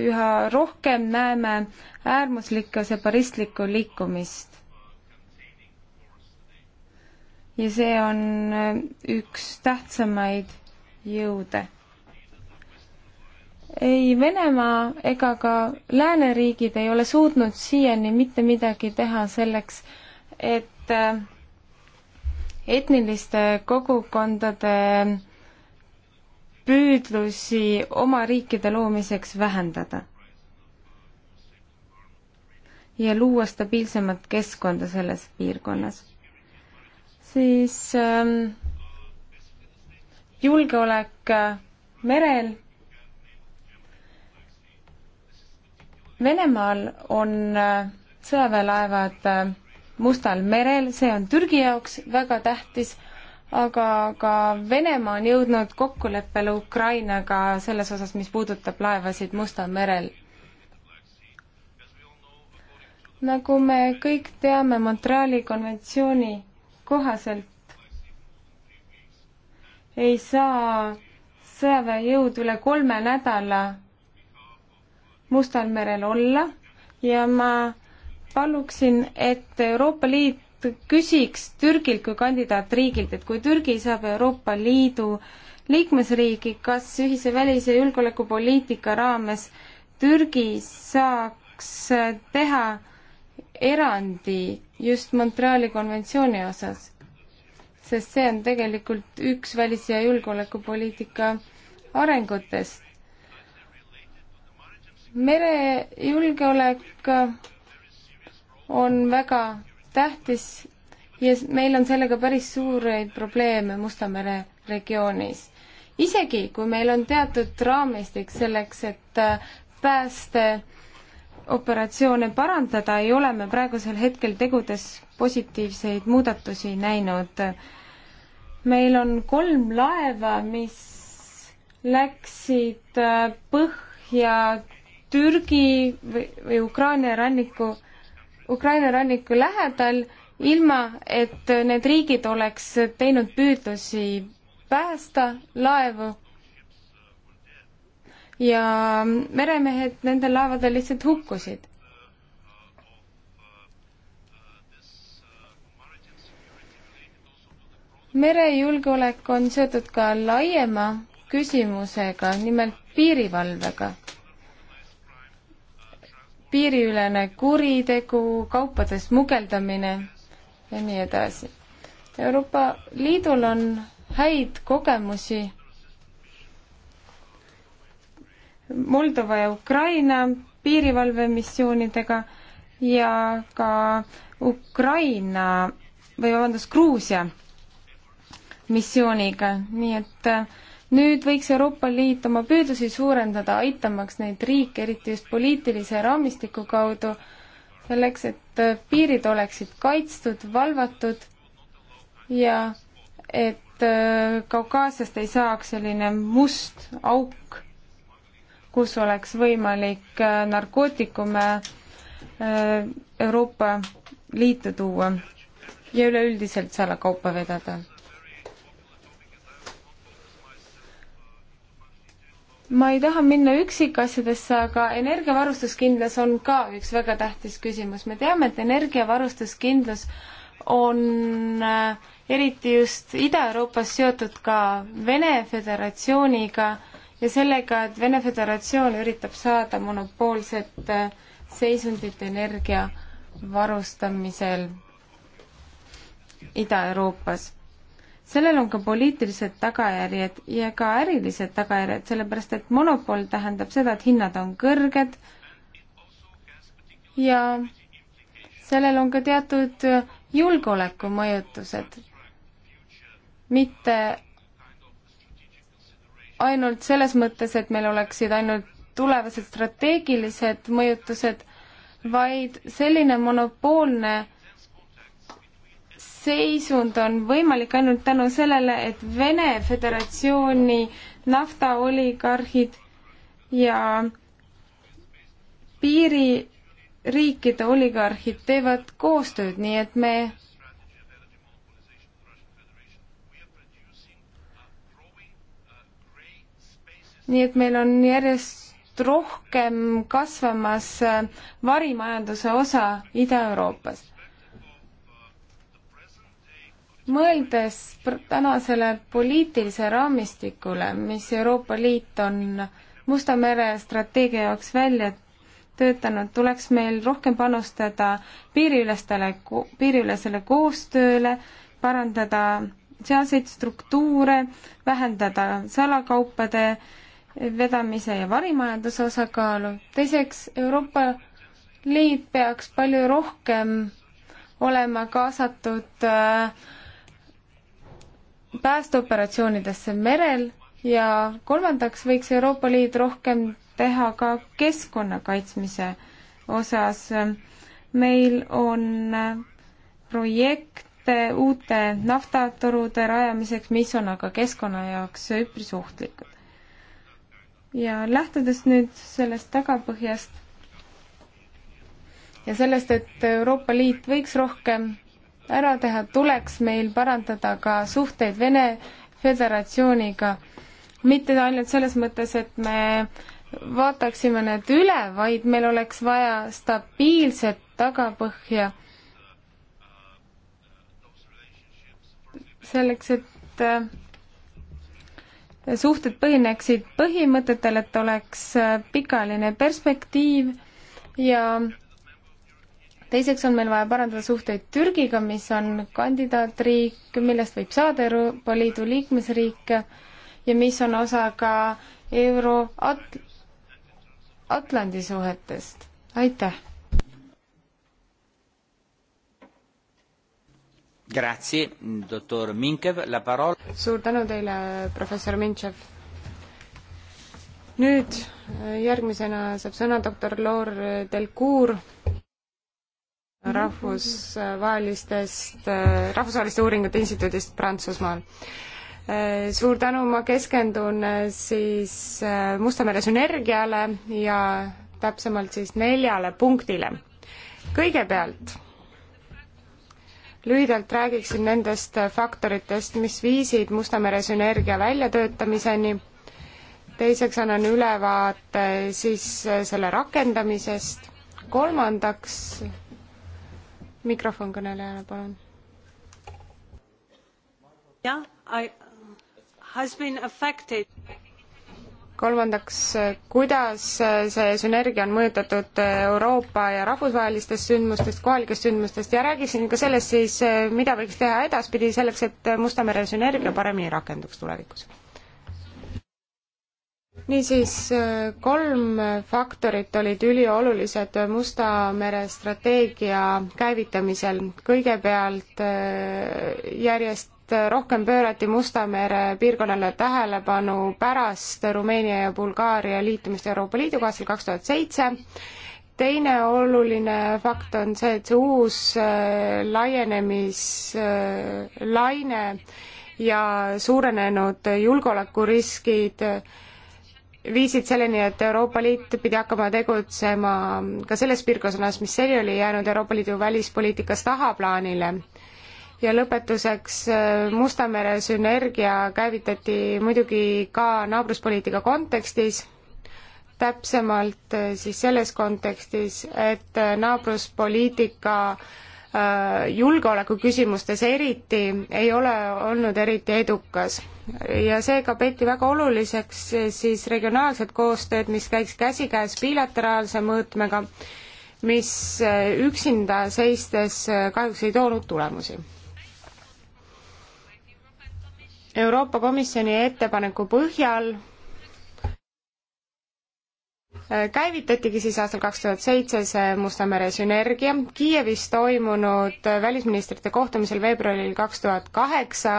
üha rohkem näeme äärmuslikku separistlikku liikumist. ja see on üks tähtsamaid jõude. ei Venemaa ega ka lääneriigid ei ole suutnud siiani mitte midagi teha selleks, et etniliste kogukondade püüdlusi oma riikide loomiseks vähendada ja luua stabiilsemat keskkonda selles piirkonnas. siis ähm, julgeolek äh, merel. Venemaal on äh, sõjaväelaevad äh, Mustal merel, see on Türgi jaoks väga tähtis aga ka Venemaa on jõudnud kokkuleppele Ukrainaga selles osas, mis puudutab laevasid Mustal merel. nagu me kõik teame, Montreali konventsiooni kohaselt ei saa sõjaväejõud üle kolme nädala Mustal merel olla ja ma paluksin, et Euroopa Liit küsiks Türgilt kui kandidaatriigilt, et kui Türgi saab Euroopa Liidu liikmesriigi, kas ühise välis- ja julgeolekupoliitika raames Türgi saaks teha erandi just Montreali konventsiooni osas? sest see on tegelikult üks välis- ja julgeolekupoliitika arengutest. merejulgeolek on väga tähtis ja meil on sellega päris suureid probleeme Musta mere regioonis. isegi, kui meil on teatud raamistik selleks, et äh, päästeoperatsioone parandada, ei ole me praegusel hetkel tegudes positiivseid muudatusi näinud. meil on kolm laeva, mis läksid äh, põhja Türgi või, või Ukraina ranniku Ukraina ranniku lähedal, ilma et need riigid oleks teinud püüdlusi päästa laevu ja meremehed nendel laevadel lihtsalt hukkusid. merejulgeolek on seotud ka laiema küsimusega, nimelt piirivalvega piiriülene kuritegu, kaupade smugeldamine ja nii edasi. Euroopa Liidul on häid kogemusi Moldova ja Ukraina piirivalvemissioonidega ja ka Ukraina või vabandust, Gruusia missiooniga, nii et äh, nüüd võiks Euroopa Liit oma püüdlusi suurendada, aitamaks neid riike, eriti just poliitilise raamistiku kaudu, selleks, et piirid oleksid kaitstud, valvatud ja et äh, Kaukaasiast ei saaks selline must auk, kus oleks võimalik äh, narkootikume äh, Euroopa Liitu tuua ja üleüldiselt salakaupa vedada ma ei taha minna üksikasjadesse, aga energiavarustuskindlus on ka üks väga tähtis küsimus. me teame, et energiavarustuskindlus on äh, eriti just Ida-Euroopas seotud ka Vene Föderatsiooniga ja sellega, et Vene Föderatsioon üritab saada monopoolset äh, seisundit energia varustamisel Ida-Euroopas sellel on ka poliitilised tagajärjed ja ka ärilised tagajärjed, sellepärast et monopol tähendab seda, et hinnad on kõrged ja sellel on ka teatud julgeolekumõjutused, mitte ainult selles mõttes, et meil oleksid ainult tulevased strateegilised mõjutused, vaid selline monopoolne seisund on võimalik ainult tänu sellele, et Vene Föderatsiooni naftaoligarhid ja piiririikide oligarhid teevad koostööd, nii et me nii et meil on järjest rohkem kasvamas varimajanduse osa Ida-Euroopas mõeldes tänasele poliitilise raamistikule, mis Euroopa Liit on Musta mere strateegia jaoks välja töötanud, tuleks meil rohkem panustada piiriülestele, piiriülesele koostööle, parandada sealseid struktuure, vähendada salakaupade vedamise ja varimajanduse osakaalu. teiseks, Euroopa Liit peaks palju rohkem olema kaasatud äh, päästeoperatsioonidesse merel ja kolmandaks võiks Euroopa Liit rohkem teha ka keskkonna kaitsmise osas. meil on projekte uute naftatorude rajamiseks, mis on aga keskkonna jaoks üpris ohtlikud. ja lähtudes nüüd sellest tagapõhjast ja sellest, et Euroopa Liit võiks rohkem ära teha, tuleks meil parandada ka suhteid Vene Föderatsiooniga. mitte ainult selles mõttes, et me vaataksime need üle, vaid meil oleks vaja stabiilset tagapõhja selleks, et äh, suhted põhineksid põhimõtetel, et oleks äh, pikaline perspektiiv ja teiseks on meil vaja parandada suhteid Türgiga, mis on kandidaatriik, millest võib saada Euroopa Liidu liikmesriik ja mis on osa ka Euro-Atlandi suhetest. aitäh! Grazie, doktor Minkev, la parola. suur tänu teile, professor Mintšev. nüüd järgmisena saab sõna doktor Loor Delcour rahvusvahelistest, Rahvusvaheliste Uuringute Instituudist Prantsusmaal. Suur tänu, ma keskendun siis Musta mere sünergiale ja täpsemalt siis neljale punktile. kõigepealt lühidalt räägiksin nendest faktoritest, mis viisid Musta mere sünergia väljatöötamiseni, teiseks annan ülevaate siis selle rakendamisest, kolmandaks mikrofon kõnelejale, palun. jah, I uh, has been affected kolmandaks, kuidas see sünergia on mõjutatud Euroopa ja rahvusvahelistest sündmustest, kohalikest sündmustest ja räägiksin ka sellest siis, eh, mida võiks teha edaspidi selleks, et Musta mere sünergia paremini rakenduks tulevikus niisiis, kolm faktorit olid üliolulised Musta mere strateegia käivitamisel. kõigepealt äh, järjest rohkem pöörati Musta mere piirkonnale tähelepanu pärast Rumeenia ja Bulgaaria liitumist Euroopa Liiduga aastal kaks tuhat seitse. teine oluline fakt on see, et see uus äh, laienemislaine äh, ja suurenenud julgeolekuriskid viisid selleni, et Euroopa Liit pidi hakkama tegutsema ka selles piirkonnas, mis seni oli jäänud Euroopa Liidu välispoliitikas tahaplaanile. ja lõpetuseks Musta mere sünergia käivitati muidugi ka naabruspoliitika kontekstis, täpsemalt siis selles kontekstis, et naabruspoliitika äh, Äh, julgeoleku küsimustes eriti ei ole olnud eriti edukas ja seega peeti väga oluliseks siis regionaalset koostööd, mis käiks käsikäes bilateraalse mõõtmega, mis äh, üksinda seistes äh, kahjuks ei toonud tulemusi. Euroopa Komisjoni ettepaneku põhjal käivitatigi siis aastal kaks tuhat seitse see Musta mere sünergia. Kiievis toimunud välisministrite kohtumisel veebruaril kaks tuhat kaheksa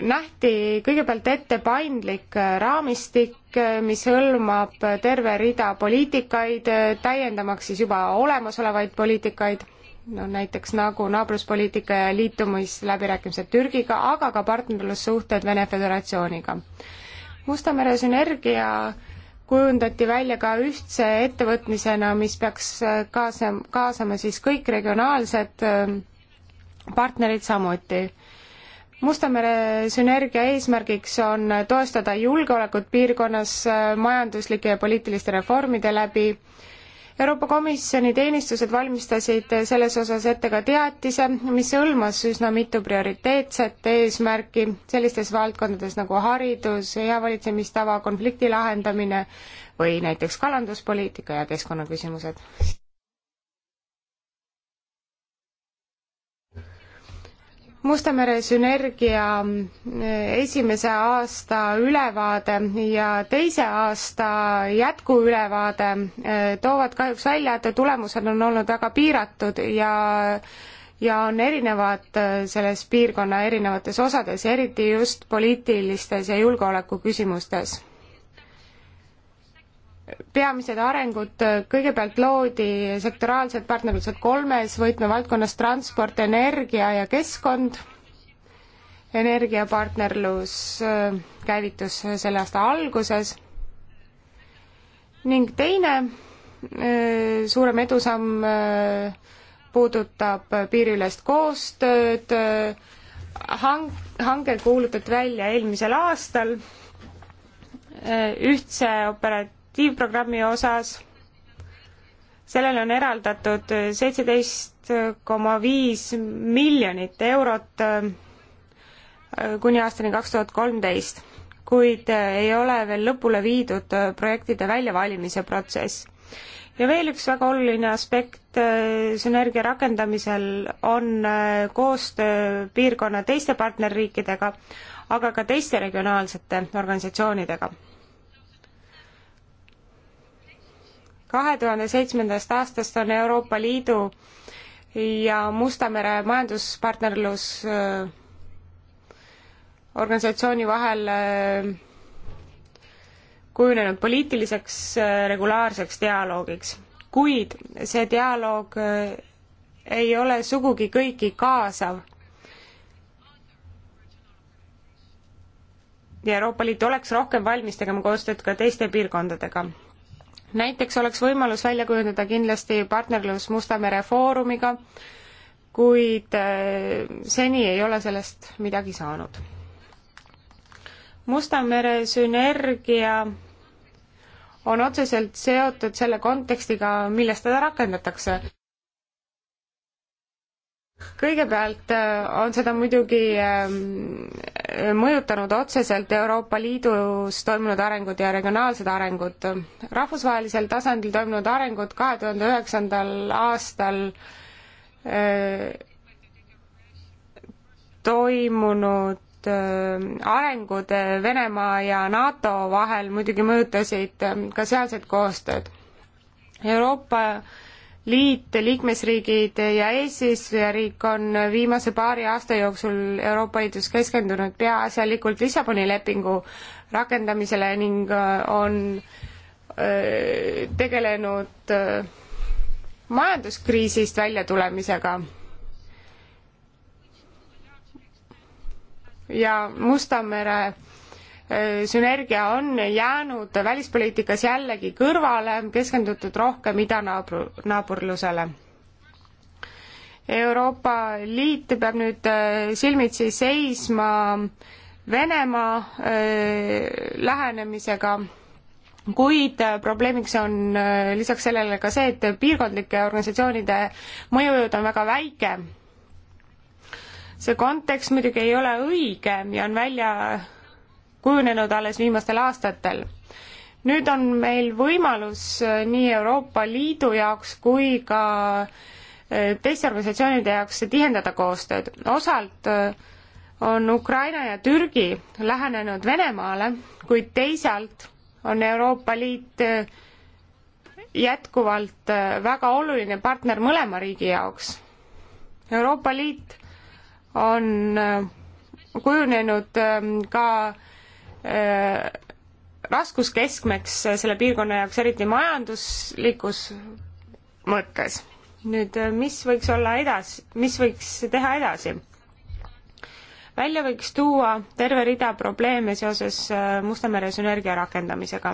nähti kõigepealt ette paindlik raamistik, mis hõlmab terve rida poliitikaid, täiendamaks siis juba olemasolevaid poliitikaid, no näiteks nagu naabruspoliitika ja liitumisläbirääkimised Türgiga, aga ka partnerlussuhted Vene Föderatsiooniga. Musta mere sünergia äh, kujundati välja ka ühtse ettevõtmisena, mis peaks äh, kaasam-, kaasama siis kõik regionaalsed ähm, partnerid samuti. Mustamere sünergia eesmärgiks on toestada julgeolekut piirkonnas äh, majanduslike ja poliitiliste reformide läbi äh,, Euroopa Komisjoni teenistused valmistasid selles osas ette ka teatise, mis hõlmas üsna mitu prioriteetset eesmärki sellistes valdkondades nagu haridus, hea valitsemistava, konflikti lahendamine või näiteks kalanduspoliitika ja keskkonnaküsimused. Mustamere sünergia eh, esimese aasta ülevaade ja teise aasta jätkuülevaade eh, toovad kahjuks välja, et tulemused on olnud väga piiratud ja ja on erinevad eh, selles piirkonna erinevates osades, eriti just poliitilistes ja julgeoleku küsimustes peamised arengud, kõigepealt loodi sektoraalsed partnerlused kolmes võtmevaldkonnas transport, energia ja keskkond. energiapartnerlus äh, käivitus selle aasta alguses ning teine äh, suurem edusamm äh, puudutab piiriülest koostööd, hang-, hange kuulutati välja eelmisel aastal ühtse opera-, aktiivprogrammi osas, sellele on eraldatud seitseteist koma viis miljonit eurot äh, kuni aastani kaks tuhat kolmteist, kuid äh, ei ole veel lõpule viidud äh, projektide väljavalimise protsess. ja veel üks väga oluline aspekt sünergia rakendamisel on koostöö piirkonna teiste partnerriikidega, aga ka teiste regionaalsete organisatsioonidega kahe tuhande seitsmendast aastast on Euroopa Liidu ja Musta mere majanduspartnerlus äh, organisatsiooni vahel äh, kujunenud poliitiliseks äh, regulaarseks dialoogiks, kuid see dialoog ei ole sugugi kõiki kaasav. ja Euroopa Liit oleks rohkem valmis tegema koostööd ka teiste piirkondadega näiteks oleks võimalus välja kujundada kindlasti partnerlus Musta mere foorumiga, kuid äh, seni ei ole sellest midagi saanud. Musta mere sünergia on otseselt seotud selle kontekstiga, milles teda rakendatakse kõigepealt äh, on seda muidugi ähm, mõjutanud otseselt Euroopa Liidus toimunud arengud ja regionaalsed arengud. rahvusvahelisel tasandil toimunud arengud kahe tuhande üheksandal aastal äh, toimunud äh, arengud Venemaa ja NATO vahel muidugi mõjutasid ka sealset koostööd. Euroopa liit, liikmesriigid ja eesistujariik on viimase paari aasta jooksul Euroopa Liidus keskendunud peaasjalikult Lissaboni lepingu rakendamisele ning äh, on äh, tegelenud äh, majanduskriisist väljatulemisega. ja Musta mere sünergia on jäänud välispoliitikas jällegi kõrvale, keskendutud rohkem idanaabru, naabrusele. Euroopa Liit peab nüüd äh, silmitsi seisma Venemaa äh, lähenemisega, kuid äh, probleemiks on lisaks sellele ka see, et piirkondlike organisatsioonide mõjujõud on väga väike. see kontekst muidugi ei ole õige ja on välja kujunenud alles viimastel aastatel. nüüd on meil võimalus äh, nii Euroopa Liidu jaoks kui ka äh, teiste organisatsioonide jaoks tihendada koostööd. osalt äh, on Ukraina ja Türgi lähenenud Venemaale, kuid teisalt on Euroopa Liit jätkuvalt väga oluline partner mõlema riigi jaoks. Euroopa Liit on kujunenud ähm, ka äh, Äh, raskuskeskmeks selle piirkonna jaoks, eriti majanduslikus mõttes. nüüd, äh, mis võiks olla edasi, mis võiks teha edasi? välja võiks tuua terve rida probleeme seoses äh, Musta mere sünergia rakendamisega.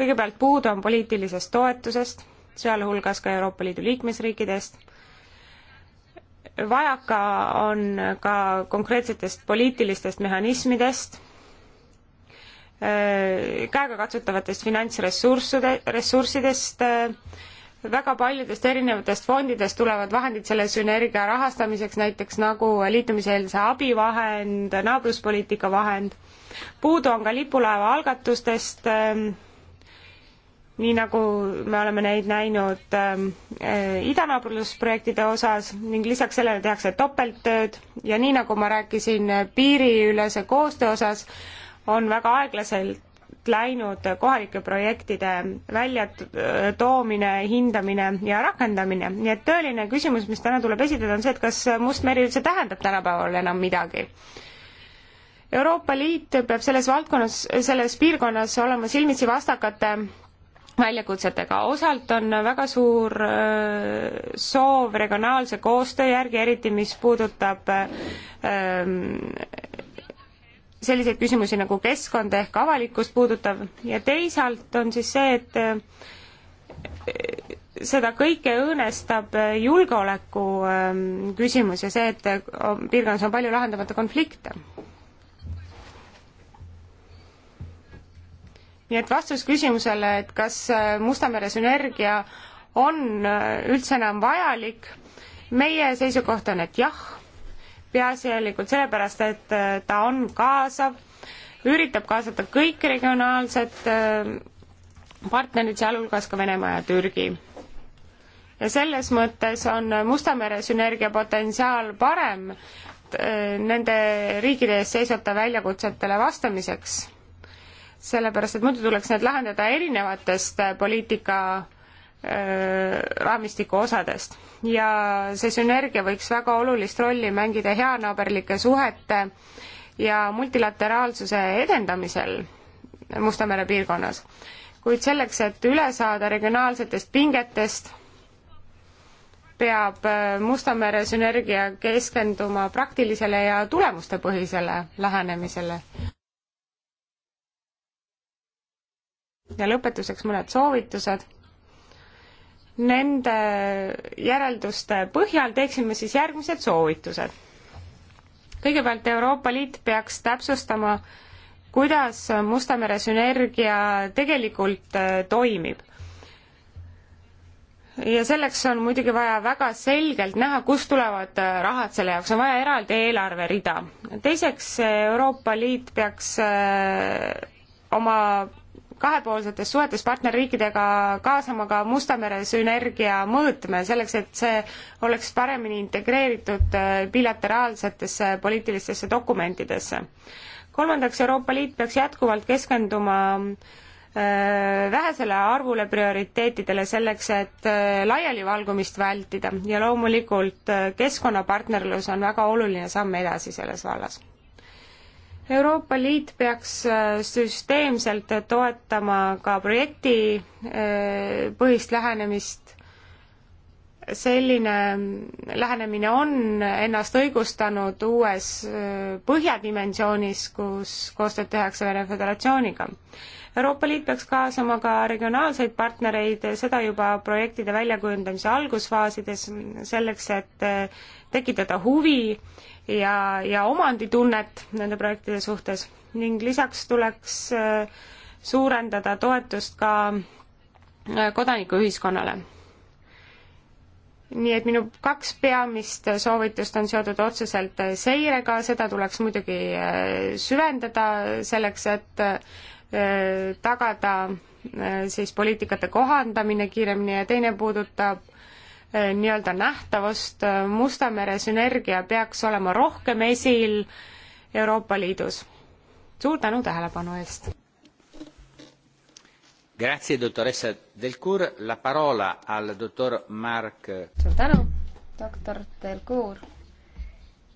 kõigepealt puudu on poliitilisest toetusest, sealhulgas ka Euroopa Liidu liikmesriikidest, vajaka on ka konkreetsetest poliitilistest mehhanismidest Äh, käegakatsutavatest finantsressursside, ressurssidest, äh, väga paljudest erinevatest fondidest tulevad vahendid selle sünergia rahastamiseks, näiteks nagu liitumiseelse abivahend, naabruspoliitika vahend. puudu on ka lipulaeva algatustest, ähm, nii nagu me oleme neid näinud ähm, äh, idanaabrusprojektide osas ning lisaks sellele tehakse topelttööd ja nii nagu ma rääkisin piiriülese koostöö osas, on väga aeglaselt läinud kohalike projektide väljatoomine, hindamine ja rakendamine. nii et tõeline küsimus, mis täna tuleb esitada, on see, et kas Must meri üldse tähendab tänapäeval enam midagi. Euroopa Liit peab selles valdkonnas, selles piirkonnas olema silmitsi vastakate väljakutsetega. osalt on väga suur äh, soov regionaalse koostöö järgi, eriti mis puudutab ähm, selliseid küsimusi nagu keskkond ehk avalikkust puudutav ja teisalt on siis see, et äh, seda kõike õõnestab äh, julgeoleku ähm, küsimus ja see, et äh, piirkonnas on palju lahendamata konflikte. nii et vastus küsimusele, et kas Musta mere sünergia on üldse enam vajalik, meie seisukoht on, et jah peaasjalikult sellepärast, et äh, ta on kaasav, üritab kaasata kõik regionaalsed äh, partnerid, sealhulgas ka Venemaa ja Türgi. ja selles mõttes on Musta mere sünergia potentsiaal parem äh, nende riikide ees seisvate väljakutsetele vastamiseks, sellepärast et muidu tuleks need lahendada erinevatest poliitika Äh, raamistiku osadest ja see sünergia võiks väga olulist rolli mängida heanaaberlike suhete ja multilateraalsuse edendamisel Musta mere piirkonnas. kuid selleks, et üle saada regionaalsetest pingetest, peab äh, Musta mere sünergia keskenduma praktilisele ja tulemustepõhisele lähenemisele. ja lõpetuseks mõned soovitused nende järelduste põhjal teeksime siis järgmised soovitused. kõigepealt Euroopa Liit peaks täpsustama, kuidas Musta mere sünergia tegelikult äh, toimib. ja selleks on muidugi vaja väga selgelt näha, kust tulevad äh, rahad selle jaoks, on vaja eraldi eelarverida. teiseks, Euroopa Liit peaks äh, oma kahepoolsetes suhetes partnerriikidega kaasama ka Musta mere sünergia mõõtme, selleks et see oleks paremini integreeritud äh, bilateraalsetesse poliitilistesse dokumentidesse. kolmandaks, Euroopa Liit peaks jätkuvalt keskenduma äh, vähesele arvule prioriteetidele selleks, et äh, laialivalgumist vältida ja loomulikult keskkonnapartnerlus on väga oluline samm edasi selles vallas Euroopa Liit peaks äh, süsteemselt toetama ka projektipõhist äh, lähenemist. selline lähenemine on ennast õigustanud uues äh, põhjadimensioonis, kus koostööd tehakse Vene Föderatsiooniga. Euroopa Liit peaks kaasama ka regionaalseid partnereid, seda juba projektide väljakujundamise algusfaasides, selleks et tekitada huvi ja, ja omanditunnet nende projektide suhtes ning lisaks tuleks äh, suurendada toetust ka äh, kodanikuühiskonnale. nii et minu kaks peamist soovitust on seotud otseselt äh, seirega, seda tuleks muidugi süvendada selleks, et tagada siis poliitikate kohandamine kiiremini ja teine puudutab Äh, nii-öelda nähtavust, Musta mere sünergia peaks olema rohkem esil Euroopa Liidus. suur tänu tähelepanu eest! Grazie dottoressa Delcour, la parola al dottor Mark. suur tänu, doktor Delcour.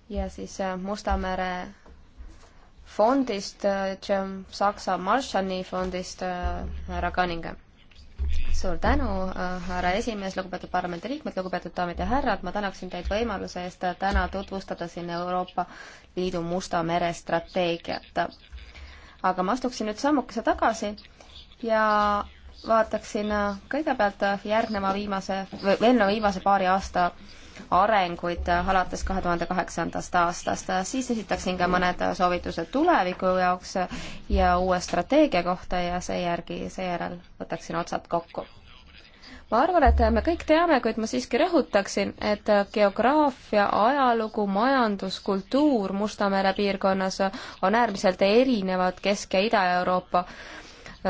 ja siis äh, Musta mere fondist, äh, Saksa Marshall'i fondist härra Cunningham suur tänu, äh, härra esimees, lugupeetud parlamendi liikmed, lugupeetud daamid ja härrad, ma tänaksin teid võimaluse eest äh, täna tutvustada siin Euroopa Liidu Musta mere strateegiat. aga ma astuksin nüüd sammukese tagasi ja vaataksin äh, kõigepealt järgneva viimase, või enne viimase paari aasta äh, arenguid äh, alates kahe tuhande kaheksandast aastast. Äh, siis esitaksin ka mõned soovitused tuleviku jaoks äh, ja uue strateegia kohta ja seejärgi, seejärel võtaksin otsad kokku ma arvan, et me kõik teame, kuid ma siiski rõhutaksin, et geograafia, ajalugu, majandus, kultuur Musta mere piirkonnas on äärmiselt erinevad Kesk- ja Ida-Euroopa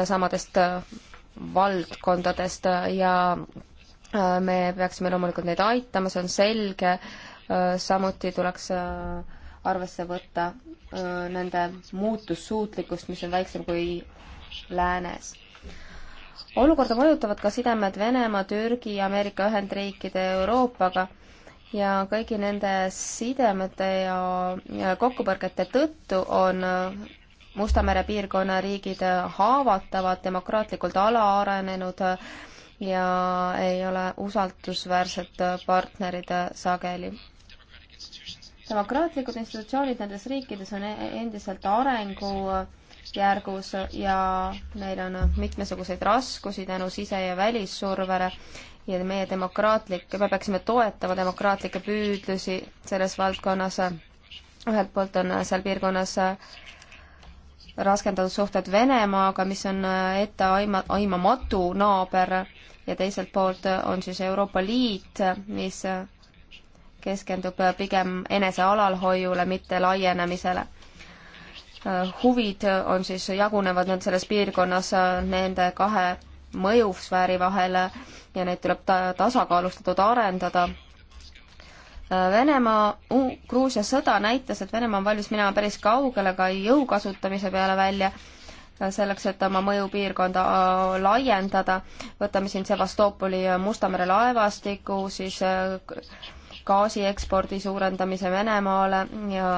samadest valdkondadest ja Äh, me peaksime loomulikult neid aitama, see on selge, äh, samuti tuleks äh, arvesse võtta nende muutussuutlikkust, mis on väiksem kui läänes. olukorda mõjutavad ka sidemed Venemaa, Türgi, Ameerika Ühendriikide, Euroopaga ja kõigi nende sidemete ja, ja kokkupõrgete tõttu on Musta mere piirkonna riigid haavatavad, demokraatlikult alaarenenud äh, ja ei ole usaldusväärsed partnerid sageli. demokraatlikud institutsioonid nendes riikides on e-, endiselt arengu järgus ja neil on mitmesuguseid raskusi tänu sise- ja välissurvele ja meie demokraatlik, me peaksime toetama demokraatlikke püüdlusi selles valdkonnas. ühelt poolt on seal piirkonnas raskendatud suhted Venemaaga, mis on äh, etteaima, aimamatu naaber ja teiselt poolt äh, on siis Euroopa Liit, mis äh, keskendub pigem enese alalhoiule, mitte laienemisele. huvid on siis, jagunevad nad selles piirkonnas nende kahe mõjusfääri vahel ja neid tuleb ta-, tasakaalustatud arendada Venemaa, Gruusia sõda näitas, et Venemaa on valmis minema päris kaugele ka jõu kasutamise peale välja, selleks, et oma mõjupiirkonda äh, laiendada. võtame siin Sevastoopoli Musta mere laevastiku, siis äh, gaasi ekspordi suurendamise Venemaale ja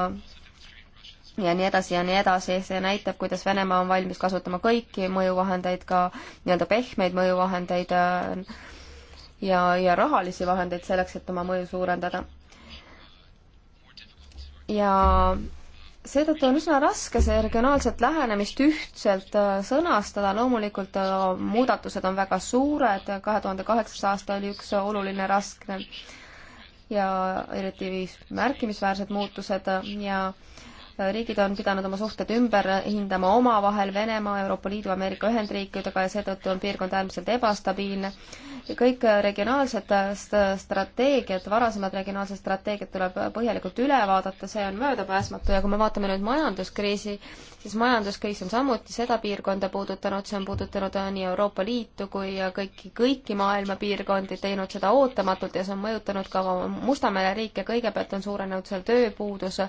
ja nii edasi ja nii edasi, see näitab, kuidas Venemaa on valmis kasutama kõiki mõjuvahendeid, ka nii-öelda pehmeid mõjuvahendeid äh, ja, ja rahalisi vahendeid selleks, et oma mõju suurendada ja seetõttu on üsna raske see regionaalset lähenemist ühtselt äh, sõnastada, loomulikult äh, muudatused on väga suured, kahe tuhande kaheksas aasta oli üks oluline raske ja eriti märkimisväärsed muutused ja riigid on pidanud oma suhted ümber hindama omavahel Venemaa, Euroopa Liidu, Ameerika Ühendriikidega ja seetõttu on piirkond äärmiselt ebastabiilne. kõik regionaalsed strateegiad, varasemad regionaalsed strateegiad tuleb põhjalikult üle vaadata, see on möödapääsmatu ja kui me vaatame nüüd majanduskriisi, siis majanduskriis on samuti seda piirkonda puudutanud, see on puudutanud äh, nii Euroopa Liitu kui äh, kõiki, kõiki maailma piirkondi, teinud seda ootamatult ja see on mõjutanud ka Musta mere riike, kõigepealt on suurenenud seal tööpuudus,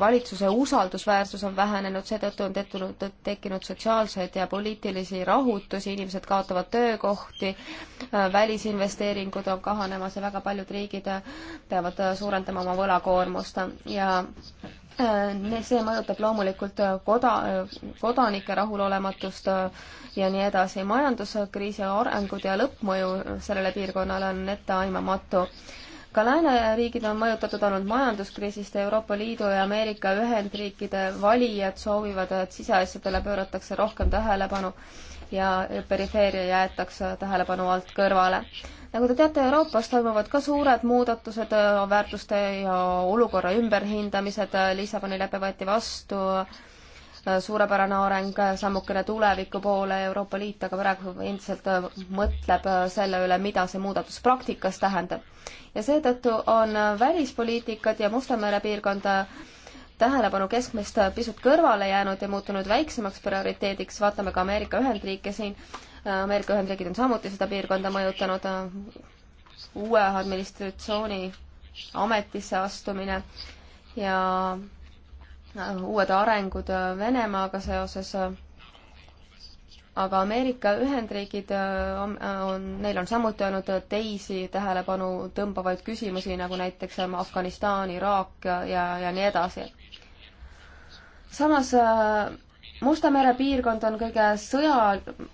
valitsuse usaldusväärsus on vähenenud, seetõttu on tekkinud, tekkinud sotsiaalseid ja poliitilisi rahutusi, inimesed kaotavad töökohti, välisinvesteeringud on kahanemas ja väga paljud riigid peavad suurendama oma võlakoormust ja see mõjutab loomulikult koda, kodanike rahulolematust ja nii edasi. majanduskriisi arengud ja lõppmõju sellele piirkonnale on etteaimamatu ka lääneriigid on mõjutatud olnud majanduskriisist ja Euroopa Liidu ja Ameerika Ühendriikide valijad soovivad, et siseasjadele pööratakse rohkem tähelepanu ja perifeeria jäetakse tähelepanu alt kõrvale. nagu te teate, Euroopas toimuvad ka suured muudatused, väärtuste ja olukorra ümberhindamised, Lissaboni lepe võeti vastu Äh, suurepärane areng, äh, sammukene tuleviku poole Euroopa Liit, aga praegu endiselt äh, mõtleb selle üle, mida see muudatus praktikas tähendab. ja seetõttu on välispoliitikad ja Musta mere piirkond tähelepanu keskmist pisut kõrvale jäänud ja muutunud väiksemaks prioriteediks, vaatame ka Ameerika Ühendriike siin, Ameerika Ühendriigid on samuti seda piirkonda mõjutanud, uue administratsiooni ametisse astumine ja uued arengud äh, Venemaaga seoses. Äh, aga Ameerika Ühendriigid äh, on, on, neil on samuti olnud teisi tähelepanu tõmbavaid küsimusi, nagu näiteks ähm, Afganistan, Iraak ja, ja, ja nii edasi. samas Musta mere piirkond on kõige sõja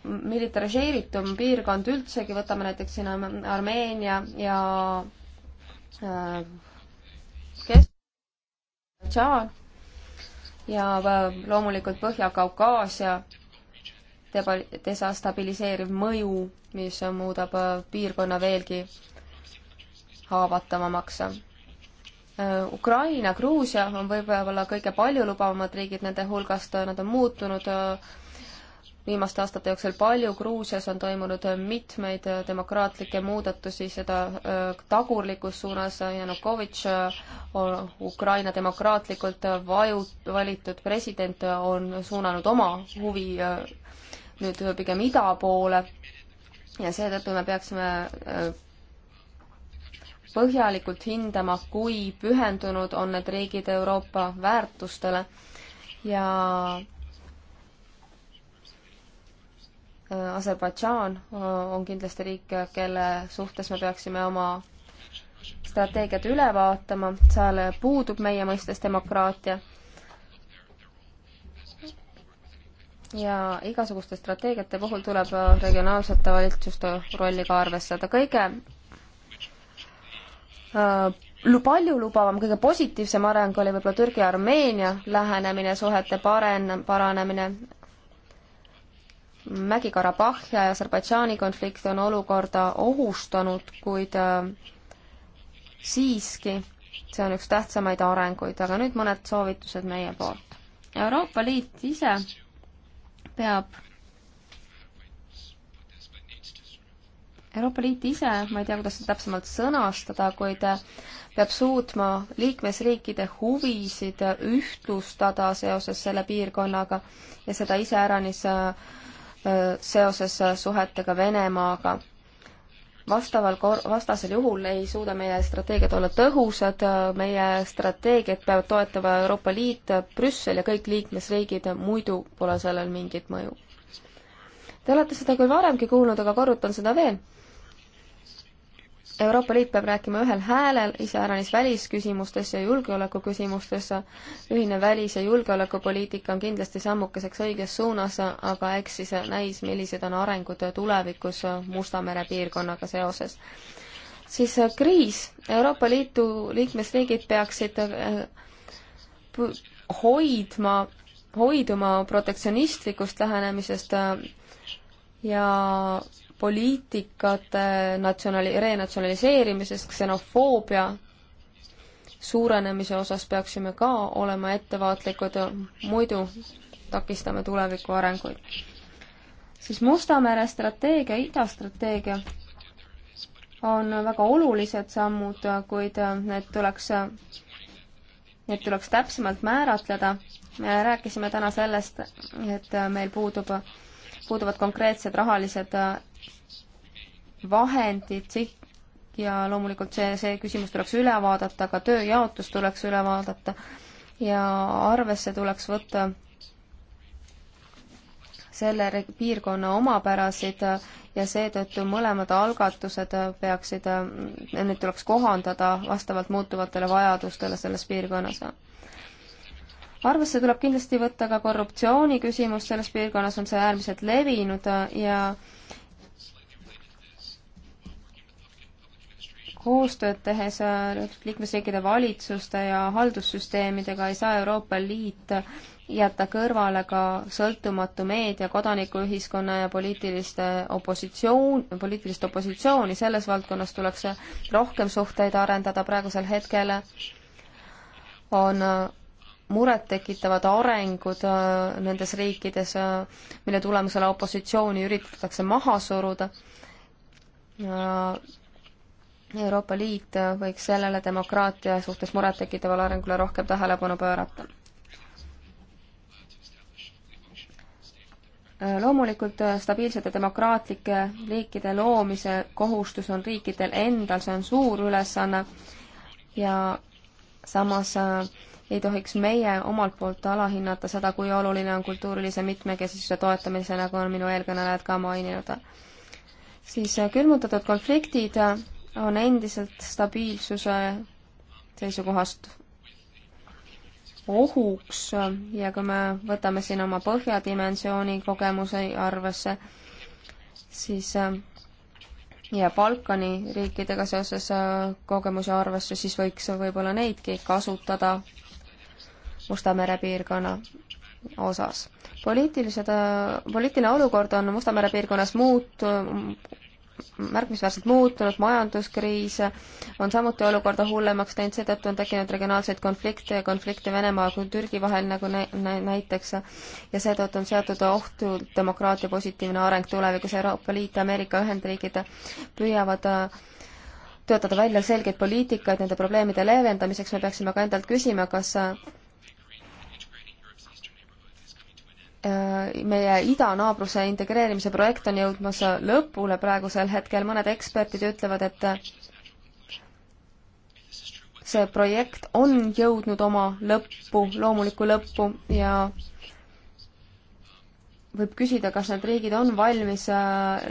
militariseeritum piirkond üldsegi, võtame näiteks siin Armeenia ja äh, kes-, Tšaan ja äh, loomulikult Põhja-Kaukaasia desastabiliseeriv mõju, mis muudab äh, piirkonna veelgi haavatavamaks. Äh, Ukraina, Gruusia on võib-olla kõige paljulubavamad riigid nende hulgast, nad on muutunud viimaste aastate jooksul palju, Gruusias on toimunud mitmeid demokraatlikke muudatusi, seda äh, tagurlikus suunas, Janukovitš, äh, Ukraina demokraatlikult vaju-, valitud president on suunanud oma huvi äh, nüüd pigem ida poole ja seetõttu me peaksime põhjalikult hindama, kui pühendunud on need riigid Euroopa väärtustele ja Äh, Aserbaidžaan äh, on kindlasti riik, kelle suhtes me peaksime oma strateegiad üle vaatama, seal puudub meie mõistes demokraatia. ja igasuguste strateegiate puhul tuleb regionaalsete valitsuste rolli ka arvestada. kõige äh, paljulubavam, kõige positiivsem areng oli võib-olla Türgi-Armeenia lähenemine, suhete paren-, paranemine Mägi-Karabahhi ja Aserbaidžaani konflikt on olukorda ohustanud, kuid äh, siiski see on üks tähtsamaid arenguid, aga nüüd mõned soovitused meie poolt. Euroopa Liit ise peab Euroopa Liit ise, ma ei tea, kuidas seda täpsemalt sõnastada, kuid äh, peab suutma liikmesriikide huvisid ühtlustada seoses selle piirkonnaga ja seda iseäranis äh, seoses suhetega Venemaaga. vastaval kor-, vastasel juhul ei suuda meie strateegiad olla tõhusad, meie strateegiat peavad toetama Euroopa Liit, Brüssel ja kõik liikmesriigid, muidu pole sellel mingit mõju. Te olete seda küll varemgi kuulnud, aga korrutan seda veel Euroopa Liit peab rääkima ühel häälel, iseäranis välisküsimustes ja julgeolekuküsimustes. ühine välis- ja julgeolekupoliitika on kindlasti sammukeseks õiges suunas, aga eks siis näis, millised on arengud tulevikus Musta mere piirkonnaga seoses. siis kriis. Euroopa Liidu liikmesriigid peaksid äh, hoidma, hoiduma protektsionistlikust lähenemisest äh, ja poliitikate natsionali-, renatsionaliseerimisest, ksenofoobia suurenemise osas peaksime ka olema ettevaatlikud, muidu takistame tuleviku arenguid. siis Musta mere strateegia, idastrateegia on väga olulised sammud, kuid need tuleks, need tuleks täpsemalt määratleda. me rääkisime täna sellest, et meil puudub, puuduvad konkreetsed rahalised vahendid siht- ja loomulikult see, see küsimus tuleks üle vaadata, ka tööjaotus tuleks üle vaadata ja arvesse tuleks võtta selle piirkonna omapärasid ja seetõttu mõlemad algatused peaksid, need tuleks kohandada vastavalt muutuvatele vajadustele selles piirkonnas. arvesse tuleb kindlasti võtta ka korruptsiooni küsimus, selles piirkonnas on see äärmiselt levinud ja koostööd tehes äh, liikmesriikide valitsuste ja haldussüsteemidega ei saa Euroopa Liit jätta kõrvale ka sõltumatu meedia, kodanikuühiskonna ja poliitiliste opositsioon, poliitilist opositsiooni, selles valdkonnas tuleks rohkem suhteid arendada, praegusel hetkel on äh, murettekitavad arengud äh, nendes riikides, mille tulemusel opositsiooni üritatakse maha suruda Euroopa Liit võiks sellele demokraatia suhtes murettekitavale arengule rohkem tähelepanu pöörata. loomulikult stabiilsete demokraatlike riikide loomise kohustus on riikidel endal, see on suur ülesanne ja samas äh, ei tohiks meie omalt poolt alahinnata seda, kui oluline on kultuurilise mitmekesisuse toetamise, nagu on minu eelkõnelejad ka maininud. siis äh, külmutatud konfliktid on endiselt stabiilsuse seisukohast ohuks ja kui me võtame siin oma põhjadimensiooni kogemusi arvesse, siis äh, ja Balkani riikidega seoses äh, kogemusi arvesse, siis võiks võib-olla neidki kasutada Musta mere piirkonna osas. poliitilised, äh, poliitiline olukord on Musta mere piirkonnas muut-, märkimisväärselt muutunud, majanduskriis on samuti olukorda hullemaks teinud, seetõttu on tekkinud regionaalseid konflikte ja konflikte Venemaa kui Türgi vahel nagu näiteks ja seetõttu on seatud ohtu demokraatia positiivne areng tulevikus. Euroopa Liit ja Ameerika Ühendriigid püüavad töötada välja selgeid poliitikaid nende probleemide leevendamiseks, me peaksime ka endalt küsima, kas Äh, meie idanaabruse integreerimise projekt on jõudmas lõpule praegusel hetkel, mõned eksperdid ütlevad, et see projekt on jõudnud oma lõppu, loomulikku lõppu ja võib küsida, kas need riigid on valmis äh,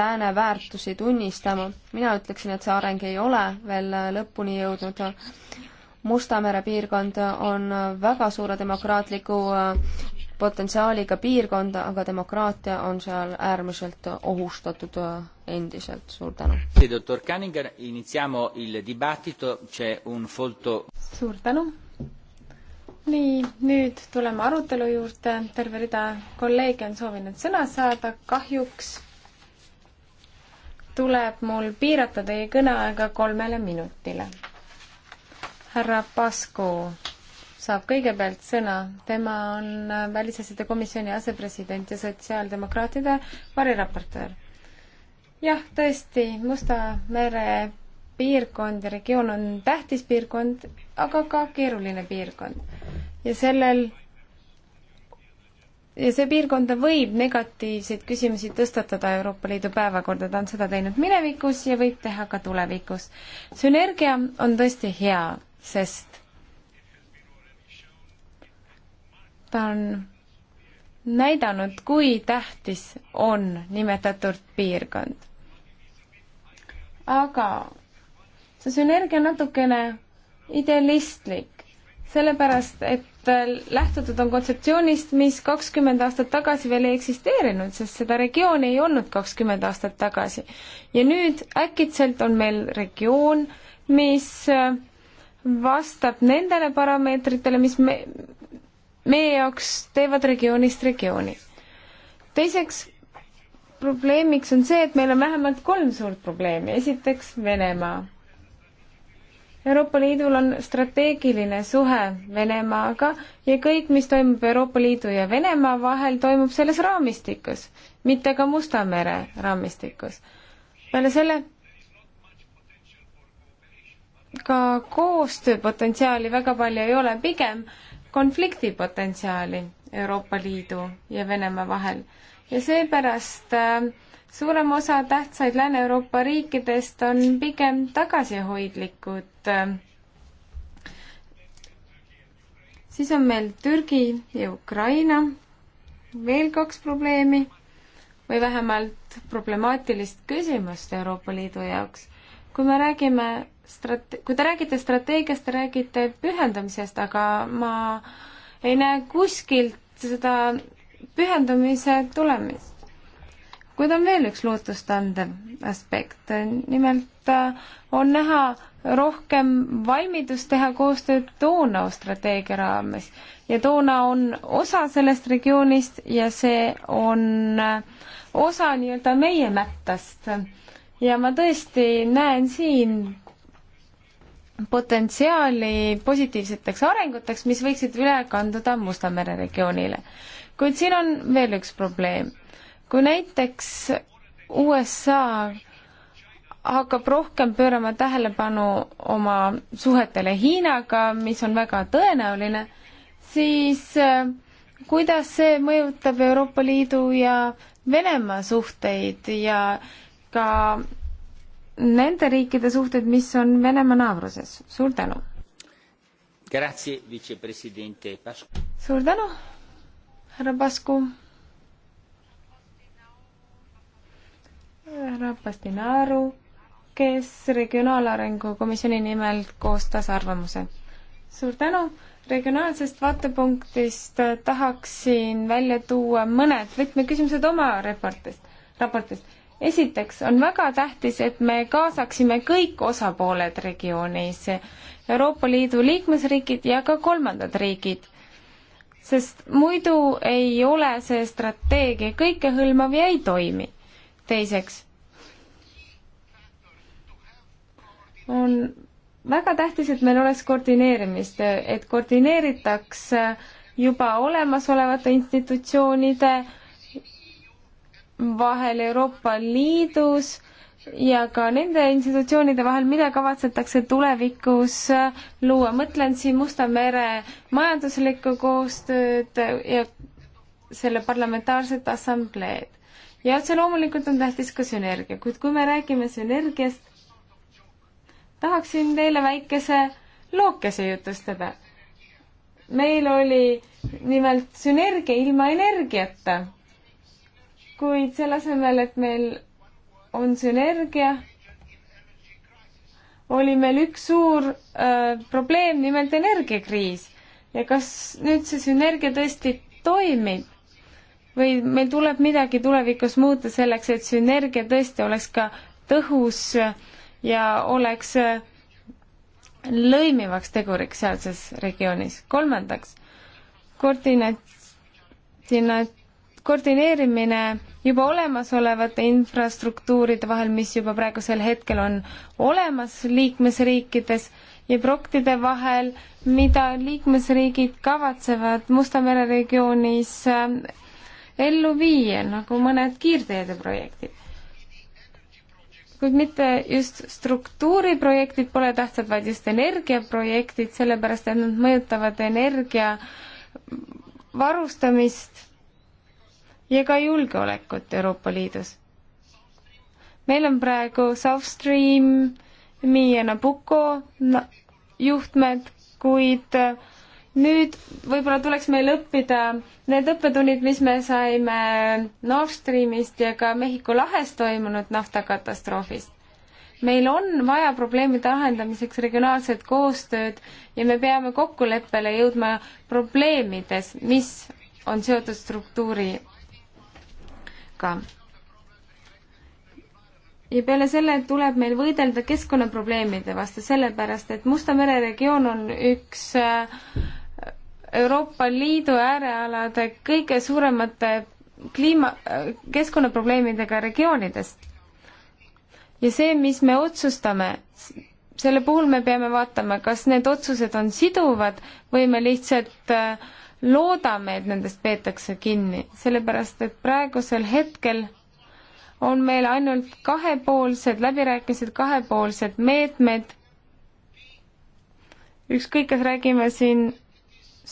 lääne väärtusi tunnistama. mina ütleksin, et see areng ei ole veel lõpuni jõudnud Musta mere piirkond on väga suure demokraatliku äh, potentsiaaliga piirkonda, aga demokraatia on seal äärmiselt ohustatud äh, endiselt. suur tänu. doktor Kanninger, initsiamo il dibattito, c'è un folto. suur tänu. nii, nüüd tuleme arutelu juurde. terve rida kolleege on soovinud sõna saada, kahjuks tuleb mul piirata teie kõneaega kolmele minutile. härra Pasku saab kõigepealt sõna. tema on Välisasjade Komisjoni asepresident ja sotsiaaldemokraatide variraportöör. jah, tõesti, Musta mere piirkond ja regioon on tähtis piirkond, aga ka keeruline piirkond. ja sellel ja see piirkond võib negatiivseid küsimusi tõstatada Euroopa Liidu päevakorda, ta on seda teinud minevikus ja võib teha ka tulevikus. sünergia on tõesti hea, sest aasta on näidanud, kui tähtis on nimetatud piirkond. aga see sünergia on natukene idealistlik, sellepärast et lähtutud on kontseptsioonist, mis kakskümmend aastat tagasi veel ei eksisteerinud, sest seda regiooni ei olnud kakskümmend aastat tagasi. ja nüüd äkitselt on meil regioon, mis vastab nendele parameetritele, mis me, meie jaoks teevad regioonist regiooni. teiseks probleemiks on see, et meil on vähemalt kolm suurt probleemi. esiteks Venemaa. Euroopa Liidul on strateegiline suhe Venemaaga ja kõik, mis toimub Euroopa Liidu ja Venemaa vahel, toimub selles raamistikus, mitte ka Musta mere raamistikus. peale selle ka koostööpotentsiaali väga palju ei ole, pigem äh, konfliktipotentsiaali Euroopa Liidu ja Venemaa vahel ja seepärast äh, suurem osa tähtsaid Lääne-Euroopa riikidest on pigem tagasihoidlikud. Äh. siis on meil Türgi ja Ukraina, veel kaks probleemi või vähemalt problemaatilist küsimust Euroopa Liidu jaoks. kui me räägime strate-, kui te räägite strateegiast, te räägite pühendamisest, aga ma ei näe kuskilt seda pühendumise tulemist. kuid on veel üks lootustandev aspekt, nimelt äh, on näha rohkem valmidust teha koostööd Donau strateegia raames ja Donau on osa sellest regioonist ja see on äh, osa nii-öelda meie mättast. ja ma tõesti näen siin potentsiaali positiivseteks arenguteks, mis võiksid üle kanduda Musta mere regioonile. kuid siin on veel üks probleem. kui näiteks USA hakkab rohkem pöörama tähelepanu oma suhetele Hiinaga, mis on väga tõenäoline, siis äh, kuidas see mõjutab Euroopa Liidu ja Venemaa suhteid ja ka nende riikide suhteid, mis on Venemaa naabruses. suur tänu! suur tänu, härra Pasku! härra Pastinaru, kes Regionaalarengu Komisjoni nimel koostas arvamuse. suur tänu! regionaalsest vaatepunktist tahaksin välja tuua mõned võtmeküsimused oma raportist, raportist esiteks on väga tähtis, et me kaasaksime kõik osapooled regioonis, Euroopa Liidu liikmesriigid ja ka kolmandad riigid, sest muidu ei ole see strateegia kõikehõlmav ja ei toimi. teiseks on väga tähtis, et meil oleks koordineerimist, et koordineeritaks juba olemasolevate institutsioonide vahel Euroopa Liidus ja ka nende institutsioonide vahel, mida kavatsetakse tulevikus äh, luua. mõtlen siin Musta mere majanduslikku koostööd ja selle parlamentaarset assambleed. ja otse loomulikult on tähtis ka sünergia, kuid kui me räägime sünergiast, tahaksin teile väikese lookese jutustada. meil oli nimelt sünergia ilma energiata kuid selle asemel, et meil on sünergia, oli meil üks suur äh, probleem, nimelt energiakriis. ja kas nüüd see sünergia tõesti toimib või meil tuleb midagi tulevikus muuta selleks, et sünergia tõesti oleks ka tõhus ja oleks äh, lõimivaks teguriks sealses regioonis. kolmandaks, koordinaat-, koordineerimine juba olemasolevate infrastruktuuride vahel, mis juba praegusel hetkel on olemas liikmesriikides ja projektide vahel, mida liikmesriigid kavatsevad Musta mere regioonis äh, ellu viia, nagu mõned kiirteede projektid. kuid mitte just struktuuriprojektid pole tähtsad, vaid just energiaprojektid, sellepärast et nad mõjutavad energia varustamist ja ka julgeolekut Euroopa Liidus. meil on praegu South Streami ja Nabucco juhtmed, kuid äh, nüüd võib-olla tuleks meil õppida need õppetunnid, mis me saime Nord Streamist ja ka Mehhiko lahes toimunud naftakatastroofist. meil on vaja probleemide lahendamiseks regionaalset koostööd ja me peame kokkuleppele jõudma probleemides, mis on seotud struktuuri hukka. ja peale selle tuleb meil võidelda keskkonnaprobleemide vastu, sellepärast et Musta mere regioon on üks äh, Euroopa Liidu äärealade kõige suuremate kliima, äh, keskkonnaprobleemidega regioonidest. ja see, mis me otsustame, selle puhul me peame vaatama, kas need otsused on siduvad või me lihtsalt äh, loodame, et nendest peetakse kinni, sellepärast et praegusel hetkel on meil ainult kahepoolsed läbirääkimised, kahepoolsed meetmed. ükskõik, kas räägime siin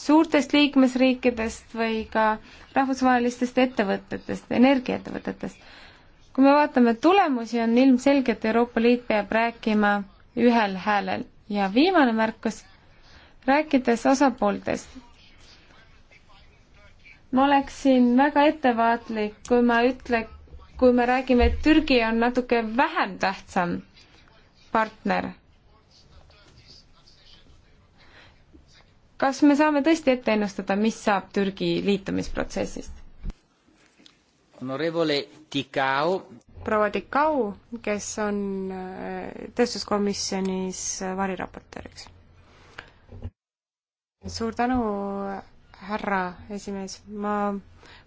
suurtest liikmesriikidest või ka rahvusvahelistest ettevõtetest, energiaettevõtetest. kui me vaatame tulemusi, on ilmselge, et Euroopa Liit peab rääkima ühel häälel ja viimane märkus, rääkides osapooltest ma oleksin väga ettevaatlik, kui ma ütle, kui me räägime, et Türgi on natuke vähem tähtsam partner. kas me saame tõesti ette ennustada, mis saab Türgi liitumisprotsessist? proua Tikau, kes on äh, tööstuskomisjonis äh, variraportööriks. suur tänu, härra esimees, ma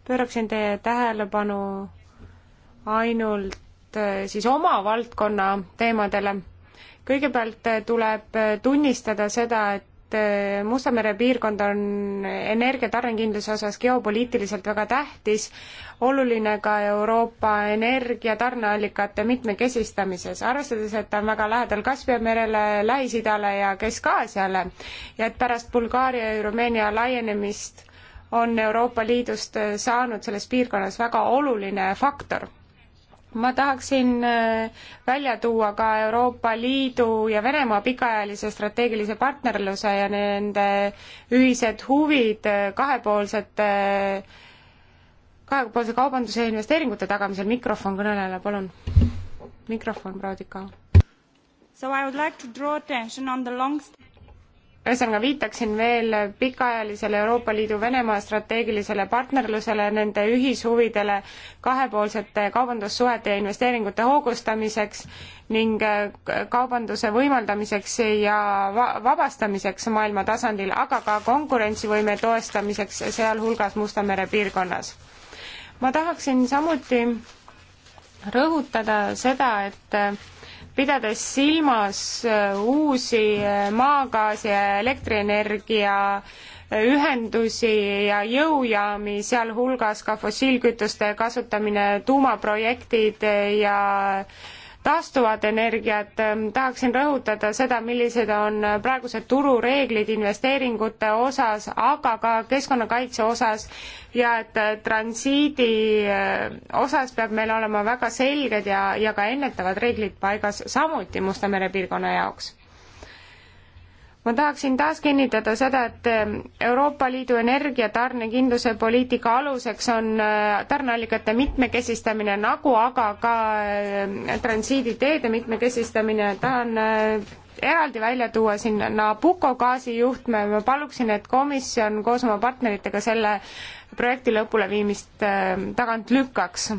pööraksin teie tähelepanu ainult eh, siis oma valdkonna teemadele. kõigepealt eh, tuleb eh, tunnistada seda, et et eh, Musta mere piirkond on energia tarnekindluse osas geopoliitiliselt väga tähtis, oluline ka Euroopa energia tarneallikate mitmekesistamises, arvestades, et ta on väga lähedal Kaspia merele, Lähis-Idale ja Kesk-Aasiale ja et pärast Bulgaaria ja Rumeenia laienemist on Euroopa Liidust eh, saanud selles piirkonnas väga oluline faktor ma tahaksin äh, välja tuua ka Euroopa Liidu ja Venemaa pikaajalise strateegilise partnerluse ja nende ühised huvid äh, kahepoolsete, äh, kahepoolse kaubanduse ja investeeringute tagamisel. mikrofon kõnelejale, palun. mikrofon, Praadika. Like long ühesõnaga viitaksin veel pikaajalisele Euroopa Liidu Venemaa strateegilisele partnerlusele, nende ühishuvidele kahepoolsete kaubandussuhete ja investeeringute hoogustamiseks ning äh, kaubanduse võimaldamiseks ja vabastamiseks maailma tasandil, aga ka konkurentsivõime toestamiseks, sealhulgas Musta mere piirkonnas. ma tahaksin samuti rõhutada seda, et äh, pidades silmas äh, uusi äh, maagaasi ja elektrienergia äh, ühendusi ja jõujaami, sealhulgas ka fossiilkütuste kasutamine, tuumaprojektid ja äh, taastuvad energiat, ähm, tahaksin rõhutada seda, millised on praegused turureeglid investeeringute osas, aga ka keskkonnakaitse osas ja et äh, transiidi äh, osas peab meil olema väga selged ja, ja ka ennetavad reeglid paigas, samuti Musta mere piirkonna jaoks ma tahaksin taas kinnitada seda, et Euroopa Liidu energiatarnekindluse poliitika aluseks on äh, tarneallikate mitmekesistamine, nagu aga ka äh, transiiditeede mitmekesistamine, tahan äh, eraldi välja tuua siin Nabucco gaasijuhtme, ma paluksin, et komisjon koos oma partneritega selle projekti lõpuleviimist tagant lükkaks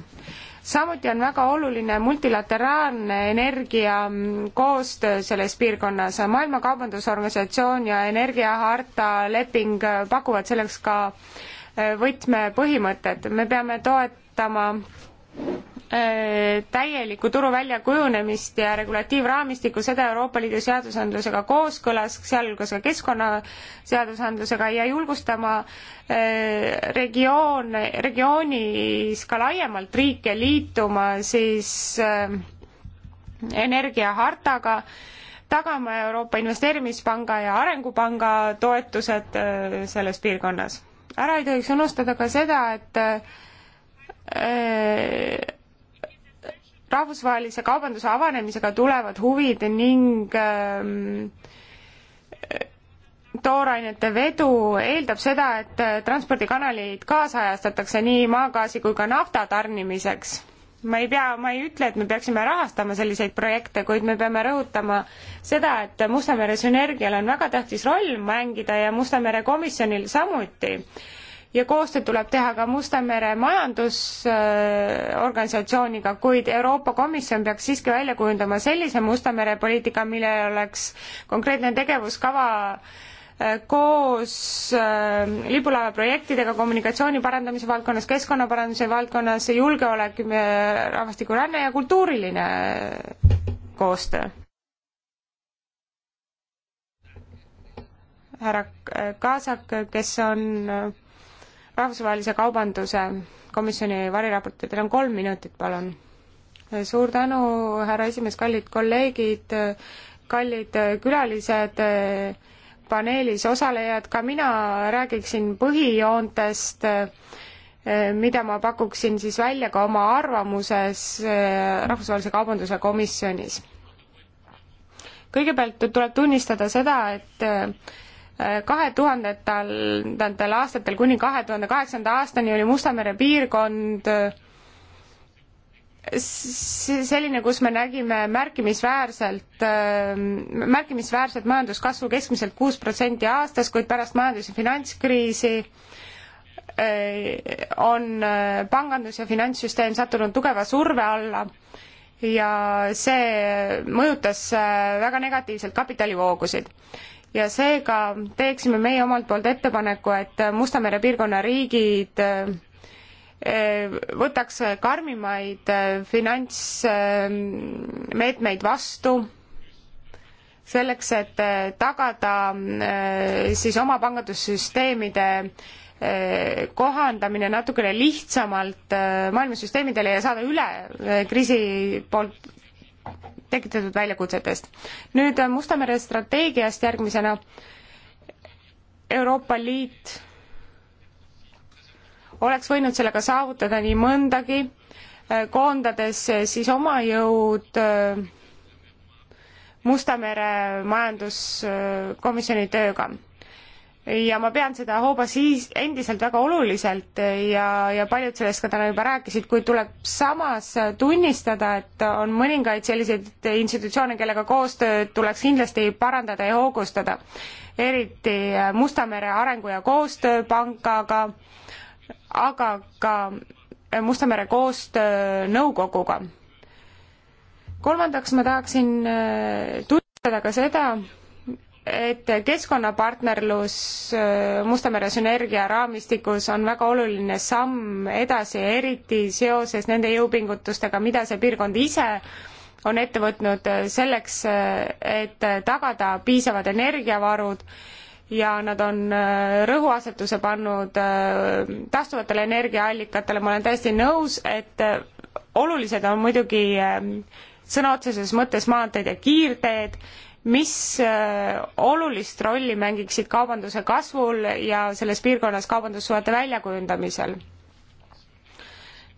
samuti on väga oluline multilateraalne energiakoostöö mm, selles piirkonnas. maailma Kaubandusorganisatsioon ja energiaharta leping äh, pakuvad selleks ka äh, võtmepõhimõtted. me peame toetama Äh, täielikku turu väljakujunemist ja regulatiivraamistikku, seda Euroopa Liidu seadusandlusega kooskõlas, sealhulgas ka keskkonnaseadusandlusega ja julgustama äh, regioon, regioonis ka laiemalt riike liituma siis äh, energiahartaga, tagama Euroopa Investeerimispanga ja Arengupanga toetused selles piirkonnas. ära ei tohiks unustada ka seda, et rahvusvahelise kaubanduse avanemisega tulevad huvid ning ähm, toorainete vedu eeldab seda, et äh, transpordikanaleid kaasajastatakse nii maagaasi kui ka nafta tarnimiseks. ma ei pea, ma ei ütle, et me peaksime rahastama selliseid projekte, kuid me peame rõhutama seda, et Musta mere sünergial on väga tähtis roll mängida ja Musta mere komisjonil samuti ja koostööd tuleb teha ka Musta mere majandusorganisatsiooniga, kuid Euroopa Komisjon peaks siiski välja kujundama sellise Musta mere poliitika, millel oleks konkreetne tegevuskava äh, koos äh, lipulaeva projektidega kommunikatsiooni parandamise valdkonnas, keskkonna parandamise valdkonnas, julgeolek, äh, rahvastikuränne ja kultuuriline äh, koostöö. härra Kaasak, kes on rahvusvahelise kaubanduse komisjoni variraportitel on kolm minutit, palun. suur tänu, härra esimees, kallid kolleegid, kallid külalised, paneelis osalejad, ka mina räägiksin põhijoontest, mida ma pakuksin siis välja ka oma arvamuses Rahvusvahelise Kaubanduse Komisjonis. kõigepealt tuleb tunnistada seda, et kahe tuhandendatel aastatel kuni kahe tuhande kaheksanda aastani oli Musta mere piirkond selline, kus me nägime märkimisväärselt, märkimisväärset majanduskasvu keskmiselt kuus protsenti aastas, kuid pärast majandus- ja finantskriisi on pangandus- ja finantssüsteem sattunud tugeva surve alla ja see mõjutas väga negatiivselt kapitalivoogusid ja seega teeksime meie omalt poolt ettepaneku, et Musta mere piirkonna riigid eh, võtaks karmimaid eh, finantsmeetmeid vastu selleks, et eh, tagada siis oma pangandussüsteemide kohandamine natukene lihtsamalt maailmasüsteemidele ja saada üle kriisi poolt tekitatud väljakutsetest. nüüd äh, Musta mere strateegiast järgmisena. Euroopa Liit oleks võinud sellega saavutada nii mõndagi, äh, koondades äh, siis oma jõud Musta mere majanduskomisjoni tööga ja ma pean seda hooba siis endiselt väga oluliselt ja, ja paljud sellest ka täna juba rääkisid, kuid tuleb samas tunnistada, et on mõningaid selliseid institutsioone, kellega koostööd tuleks kindlasti parandada ja hoogustada. eriti Musta mere Arengu- ja Koostööpankaga, aga ka Musta mere Koostöönõukoguga. kolmandaks ma tahaksin äh, tunnistada ka seda, et keskkonnapartnerlus äh, Musta mere sünergia raamistikus on väga oluline samm edasi, eriti seoses nende jõupingutustega, mida see piirkond ise on ette võtnud äh, selleks, äh, et tagada piisavad energiavarud ja nad on rõhuasetuse pannud taastuvatele energiaallikatele, ma olen täiesti nõus, et olulised on muidugi sõna otseses mõttes maanteed ja kiirteed mis äh, olulist rolli mängiksid kaubanduse kasvul ja selles piirkonnas kaubandussuhete väljakujundamisel?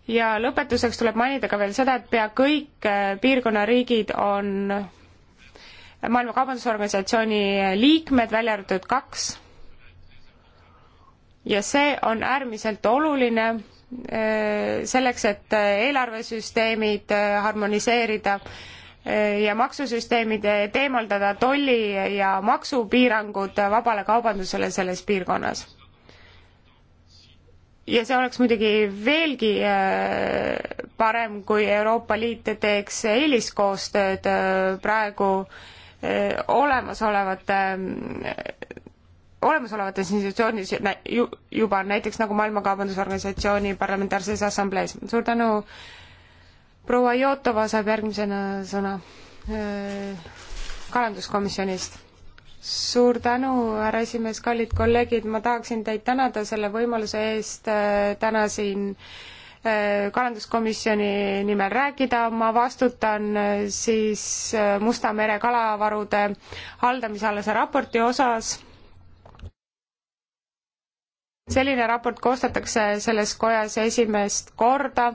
ja lõpetuseks tuleb mainida ka veel seda, et pea kõik äh, piirkonna riigid on Maailma Kaubandusorganisatsiooni liikmed, välja arvatud kaks, ja see on äärmiselt oluline äh, selleks, et eelarvesüsteemid harmoniseerida ja maksusüsteemide teemaldada tolli- ja maksupiirangud vabale kaubandusele selles piirkonnas. ja see oleks muidugi veelgi äh, parem, kui Euroopa Liit teeks eeliskoostööd äh, praegu äh, olemasolevate olemasolevates institutsioonides juba näiteks nagu Maailma Kaubandusorganisatsiooni Parlamentaarses Assamblees. suur tänu proua Jootova saab järgmisena sõna äh, kalanduskomisjonist. suur tänu, härra esimees, kallid kolleegid, ma tahaksin teid tänada selle võimaluse eest äh, täna siin äh, kalanduskomisjoni nimel rääkida, ma vastutan siis Musta mere kalavarude haldamisalase raporti osas selline raport koostatakse selles kojas esimest korda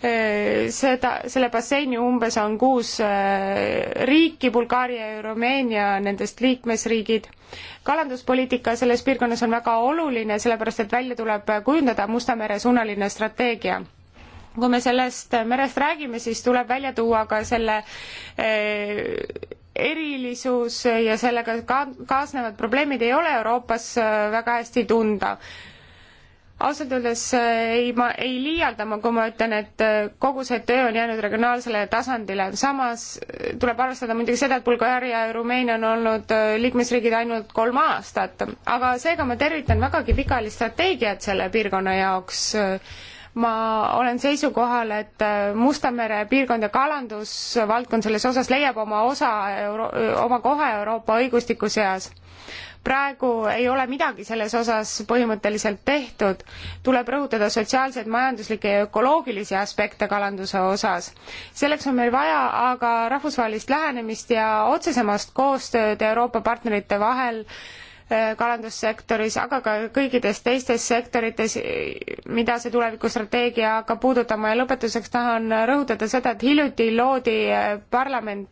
Äh, seda, selle basseini umbes on kuus äh, riiki, Bulgaaria ja Rumeenia nendest liikmesriigid. kalanduspoliitika selles piirkonnas on väga oluline, sellepärast et välja tuleb kujundada Musta mere suunaline strateegia kui me sellest merest räägime, siis tuleb välja tuua ka selle äh, erilisus ja sellega ka kaasnevad probleemid ei ole Euroopas väga hästi tunda ausalt öeldes äh, ei, ma ei liialda ma, kui ma ütlen, et äh, kogu see töö on jäänud regionaalsele tasandile, samas äh, tuleb arvestada muidugi seda, et Bulgaaria ja Rumeenia on olnud liikmesriigid ainult kolm aastat, aga seega ma tervitan vägagi pikaajalist strateegiat selle piirkonna jaoks. ma olen seisukohal, et Musta mere piirkond ja kalandusvaldkond selles osas leiab oma osa, oma koha Euroopa õigustiku seas praegu ei ole midagi selles osas põhimõtteliselt tehtud. tuleb rõhutada sotsiaalseid, majanduslikke ja ökoloogilisi aspekte kalanduse osas. selleks on meil vaja aga rahvusvahelist lähenemist ja otsesemast koostööd Euroopa partnerite vahel äh, kalandussektoris, aga ka kõikides teistes sektorites, mida see tulevikustrateegia hakkab puudutama ja lõpetuseks tahan rõhutada seda, et hiljuti loodi äh, parlament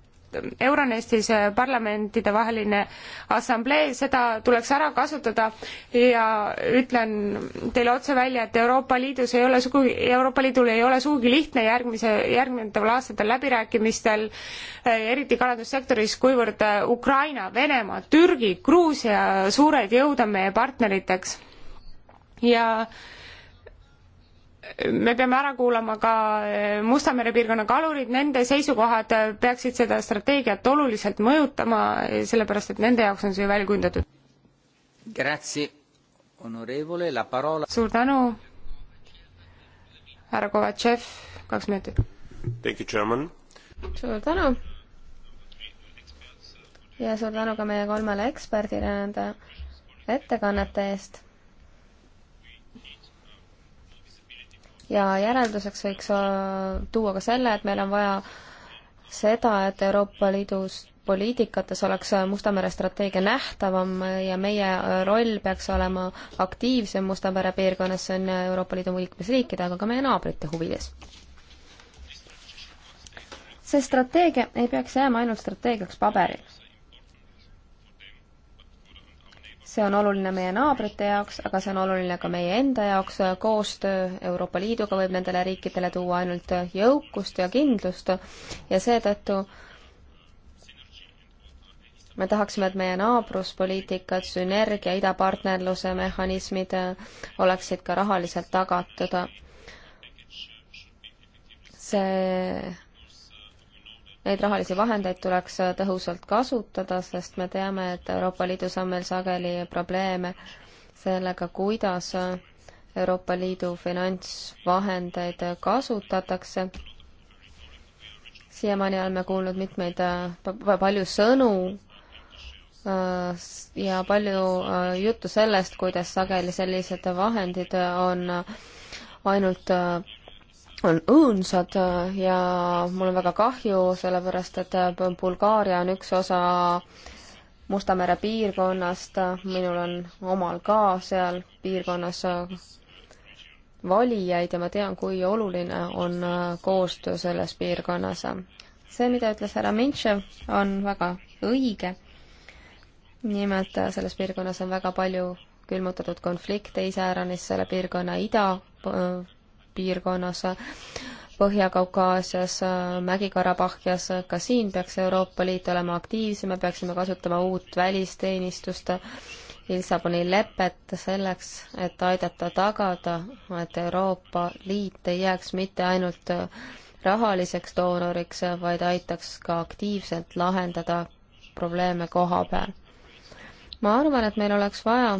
Euronestis äh, parlamentide vaheline assamblee, seda tuleks ära kasutada ja ütlen teile otse välja, et Euroopa Liidus ei ole sugugi, Euroopa Liidul ei ole sugugi lihtne järgmise, järgnevatel aastatel läbirääkimistel, äh, eriti kalandussektoris, kuivõrd äh, Ukraina, Venemaa, Türgi, Gruusia suured jõud on meie partneriteks ja äh, me peame ära kuulama ka eh, Musta mere piirkonna kalurid, nende seisukohad eh, peaksid seda strateegiat oluliselt mõjutama, eh, sellepärast et nende jaoks on see ju välja kujundatud. suur tänu, härra Kovatšev, kaks minutit. suur tänu ja suur tänu ka meie kolmele eksperdile nende ettekannete eest ja järelduseks võiks äh, tuua ka selle, et meil on vaja seda, et Euroopa Liidus poliitikates oleks Musta mere strateegia nähtavam ja meie roll peaks olema aktiivsem Musta mere piirkonnas, see on Euroopa Liidu liikmesriikide, aga ka meie naabrite huvides. see strateegia ei peaks jääma ainult strateegiaks paberil see on oluline meie naabrite jaoks, aga see on oluline ka meie enda jaoks, koostöö Euroopa Liiduga võib nendele riikidele tuua ainult jõukust ja kindlust ja seetõttu me tahaksime, et meie naabruspoliitikad, sünergia, idapartnerluse mehhanismid oleksid ka rahaliselt tagatud. see Neid rahalisi vahendeid tuleks äh, tõhusalt kasutada, sest me teame, et Euroopa Liidus on meil sageli probleeme sellega, kuidas äh, Euroopa Liidu finantsvahendeid äh, kasutatakse. siiamaani oleme kuulnud mitmeid, palju sõnu ja palju juttu sellest, kuidas sageli sellised vahendid on ainult on õõnsad äh, ja mul on väga kahju, sellepärast et äh, Bulgaaria on üks osa Musta mere piirkonnast, minul on omal ka seal piirkonnas äh, valijaid ja ma tean, kui oluline on koostöö selles piirkonnas. see, mida ütles härra Mintšev, on väga õige. nimelt selles piirkonnas on väga palju külmutatud konflikte, iseäranis selle piirkonna ida piirkonnas, Põhja-Kaukaasias, Mägi-Karabahhias, ka siin peaks Euroopa Liit olema aktiivsem, me peaksime kasutama uut välisteenistust, Lissaboni lepet selleks, et aidata tagada, et Euroopa Liit ei jääks mitte ainult rahaliseks doonoriks, vaid aitaks ka aktiivselt lahendada probleeme koha peal. ma arvan, et meil oleks vaja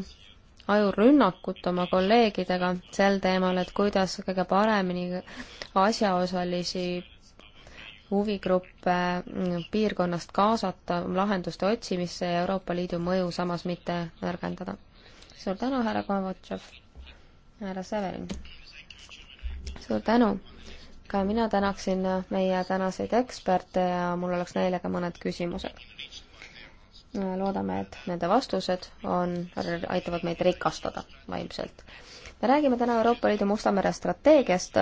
ajurünnakut oma kolleegidega sel teemal, et kuidas kõige paremini asjaosalisi huvigruppe mm, piirkonnast kaasata lahenduste otsimisse ja Euroopa Liidu mõju samas mitte nõrgendada. suur tänu, härra Kovatšov, härra Severin. suur tänu ka mina tänaksin meie tänaseid eksperte ja mul oleks neile ka mõned küsimused loodame, et nende vastused on, aitavad meid rikastada vaimselt. me räägime täna Euroopa Liidu Musta mere strateegiast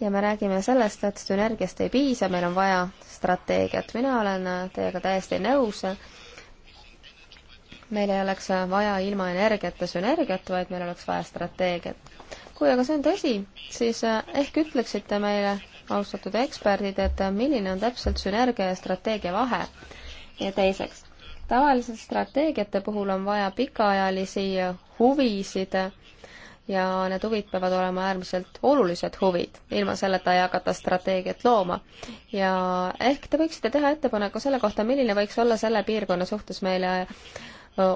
ja me räägime sellest, et sünergiast ei piisa, meil on vaja strateegiat. mina olen teiega täiesti nõus. meil ei oleks vaja ilma energiata sünergiat, vaid meil oleks vaja strateegiat. kui aga see on tõsi, siis ehk ütleksite meile, austatud eksperdid, et milline on täpselt sünergia ja strateegia vahe? ja teiseks, tavaliselt strateegiate puhul on vaja pikaajalisi huvisid ja need huvid peavad olema äärmiselt olulised huvid, ilma selleta ei hakata strateegiat looma. ja ehk te võiksite teha ettepaneku selle kohta, milline võiks olla selle piirkonna suhtes meile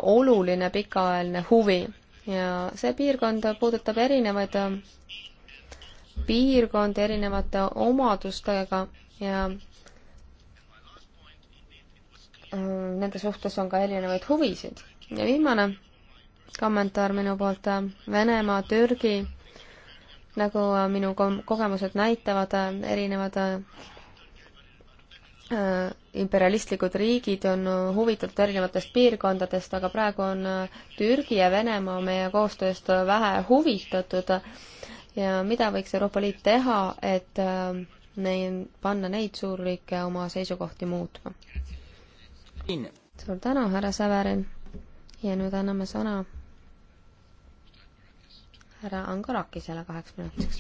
oluline pikaajaline huvi. ja see piirkond puudutab erinevaid piirkondi erinevate omadustega ja Äh, nende suhtes on ka erinevaid huvisid. ja viimane kommentaar minu poolt, Venemaa, Türgi, nagu äh, minu kogemused näitavad, äh, erinevad imperialistlikud riigid on huvitatud erinevatest piirkondadest, aga praegu on Türgi ja Venemaa meie koostööst vähe huvitatud ja mida võiks Euroopa Liit teha, et neil, panna neid suurriike oma seisukohti muutma? suur tänu, härra Säverin. ja nüüd anname sõna härra Angorakisele kaheks minutiks.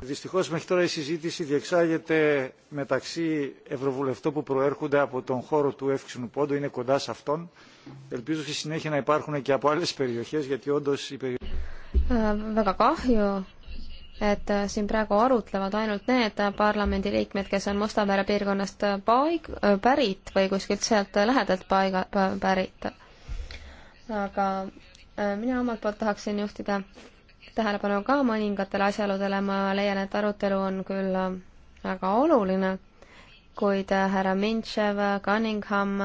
Δυστυχώς μέχρι τώρα η συζήτηση διεξάγεται μεταξύ ευρωβουλευτών που προέρχονται από τον χώρο του εύξηνου πόντου, είναι κοντά σε αυτόν. Ελπίζω στη συνέχεια να υπάρχουν και από άλλες περιοχές, γιατί όντως η περιοχή... Väga kahju, et äh, siin praegu arutlevad ainult need parlamendiliikmed, kes on Mustamere piirkonnast paig-, äh, pärit või kuskilt sealt lähedalt paiga, pärit. aga äh, mina omalt poolt tahaksin juhtida tähelepanu ka mõningatele asjaoludele, ma leian, et arutelu on küll väga oluline, kuid härra Mintšev, Cunningham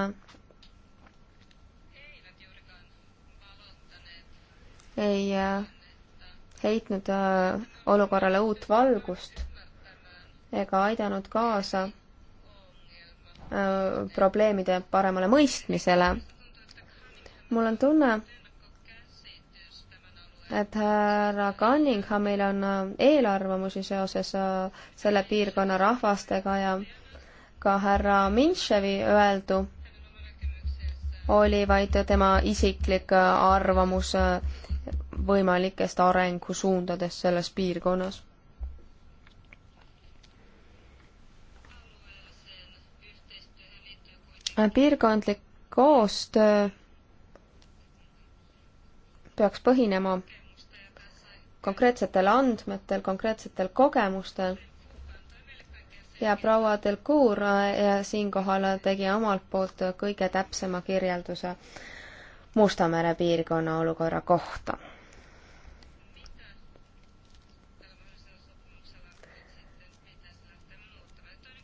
ei heitnud äh, olukorrale uut valgust ega aidanud kaasa äh, probleemide paremale mõistmisele. mul on tunne, et härra Cunninghamil on äh, eelarvamusi seoses selle piirkonna rahvastega ja ka härra Mintševi öeldu oli vaid tema isiklik arvamus võimalikest arengusuundadest selles piirkonnas. piirkondlik koostöö peaks põhinema konkreetsetel andmetel, konkreetsetel kogemustel ja proua Delcour äh, siinkohal tegi omalt poolt kõige täpsema kirjelduse Musta mere piirkonna olukorra kohta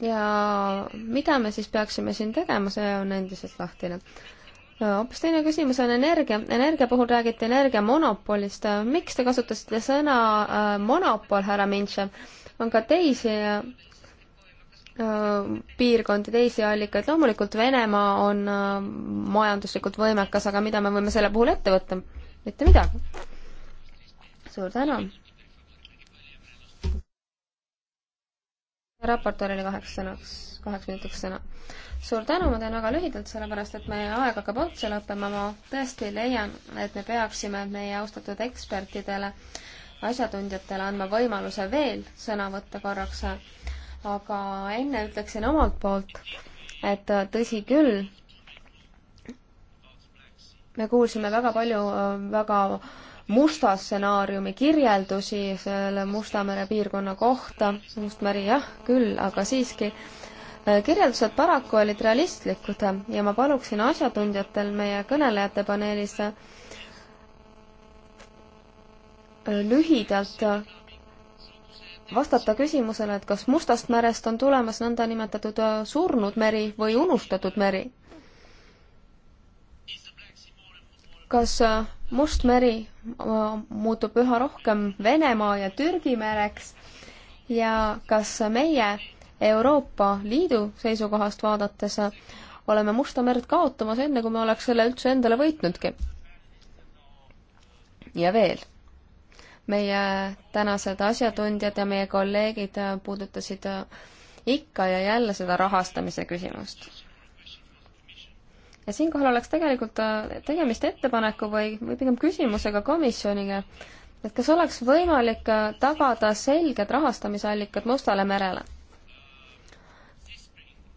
ja mida me siis peaksime siin tegema, see on endiselt lahtine. hoopis teine küsimus on energia. energia puhul räägiti energiamonopolist. miks te kasutasite sõna äh, monopol, härra Mintšev? on ka teisi äh, piirkondi, teisi allikaid. loomulikult Venemaa on äh, majanduslikult võimekas, aga mida me võime selle puhul ette võtta? mitte midagi. suur tänu raportööril kaheks sõnaks, kaheks minutiks sõna. suur tänu, ma teen väga lühidalt, sellepärast et meie aeg hakkab otsa lõppema, ma tõesti leian, et me peaksime meie austatud ekspertidele, asjatundjatele andma võimaluse veel sõna võtta korraks, aga enne ütleksin omalt poolt, et tõsi küll, me kuulsime väga palju väga musta stsenaariumi kirjeldusi selle Musta mere piirkonna kohta, Mustmeri jah, küll, aga siiski, äh, kirjeldused paraku olid realistlikud ja ma paluksin asjatundjatel meie kõnelejate paneelis äh, lühidalt äh, vastata küsimusele, et kas Mustast merest on tulemas nõndanimetatud surnud meri või unustatud meri? kas Mustmeri äh, muutub üha rohkem Venemaa ja Türgi mereks ja kas meie Euroopa Liidu seisukohast vaadates oleme Musta merd kaotamas, enne kui me oleks selle üldse endale võitnudki. ja veel, meie tänased asjatundjad ja meie kolleegid puudutasid ikka ja jälle seda rahastamise küsimust ja siinkohal oleks tegelikult äh, tegemist ettepaneku või, või pigem küsimusega komisjonile, et kas oleks võimalik äh, tagada selged rahastamisallikad Mustale merele?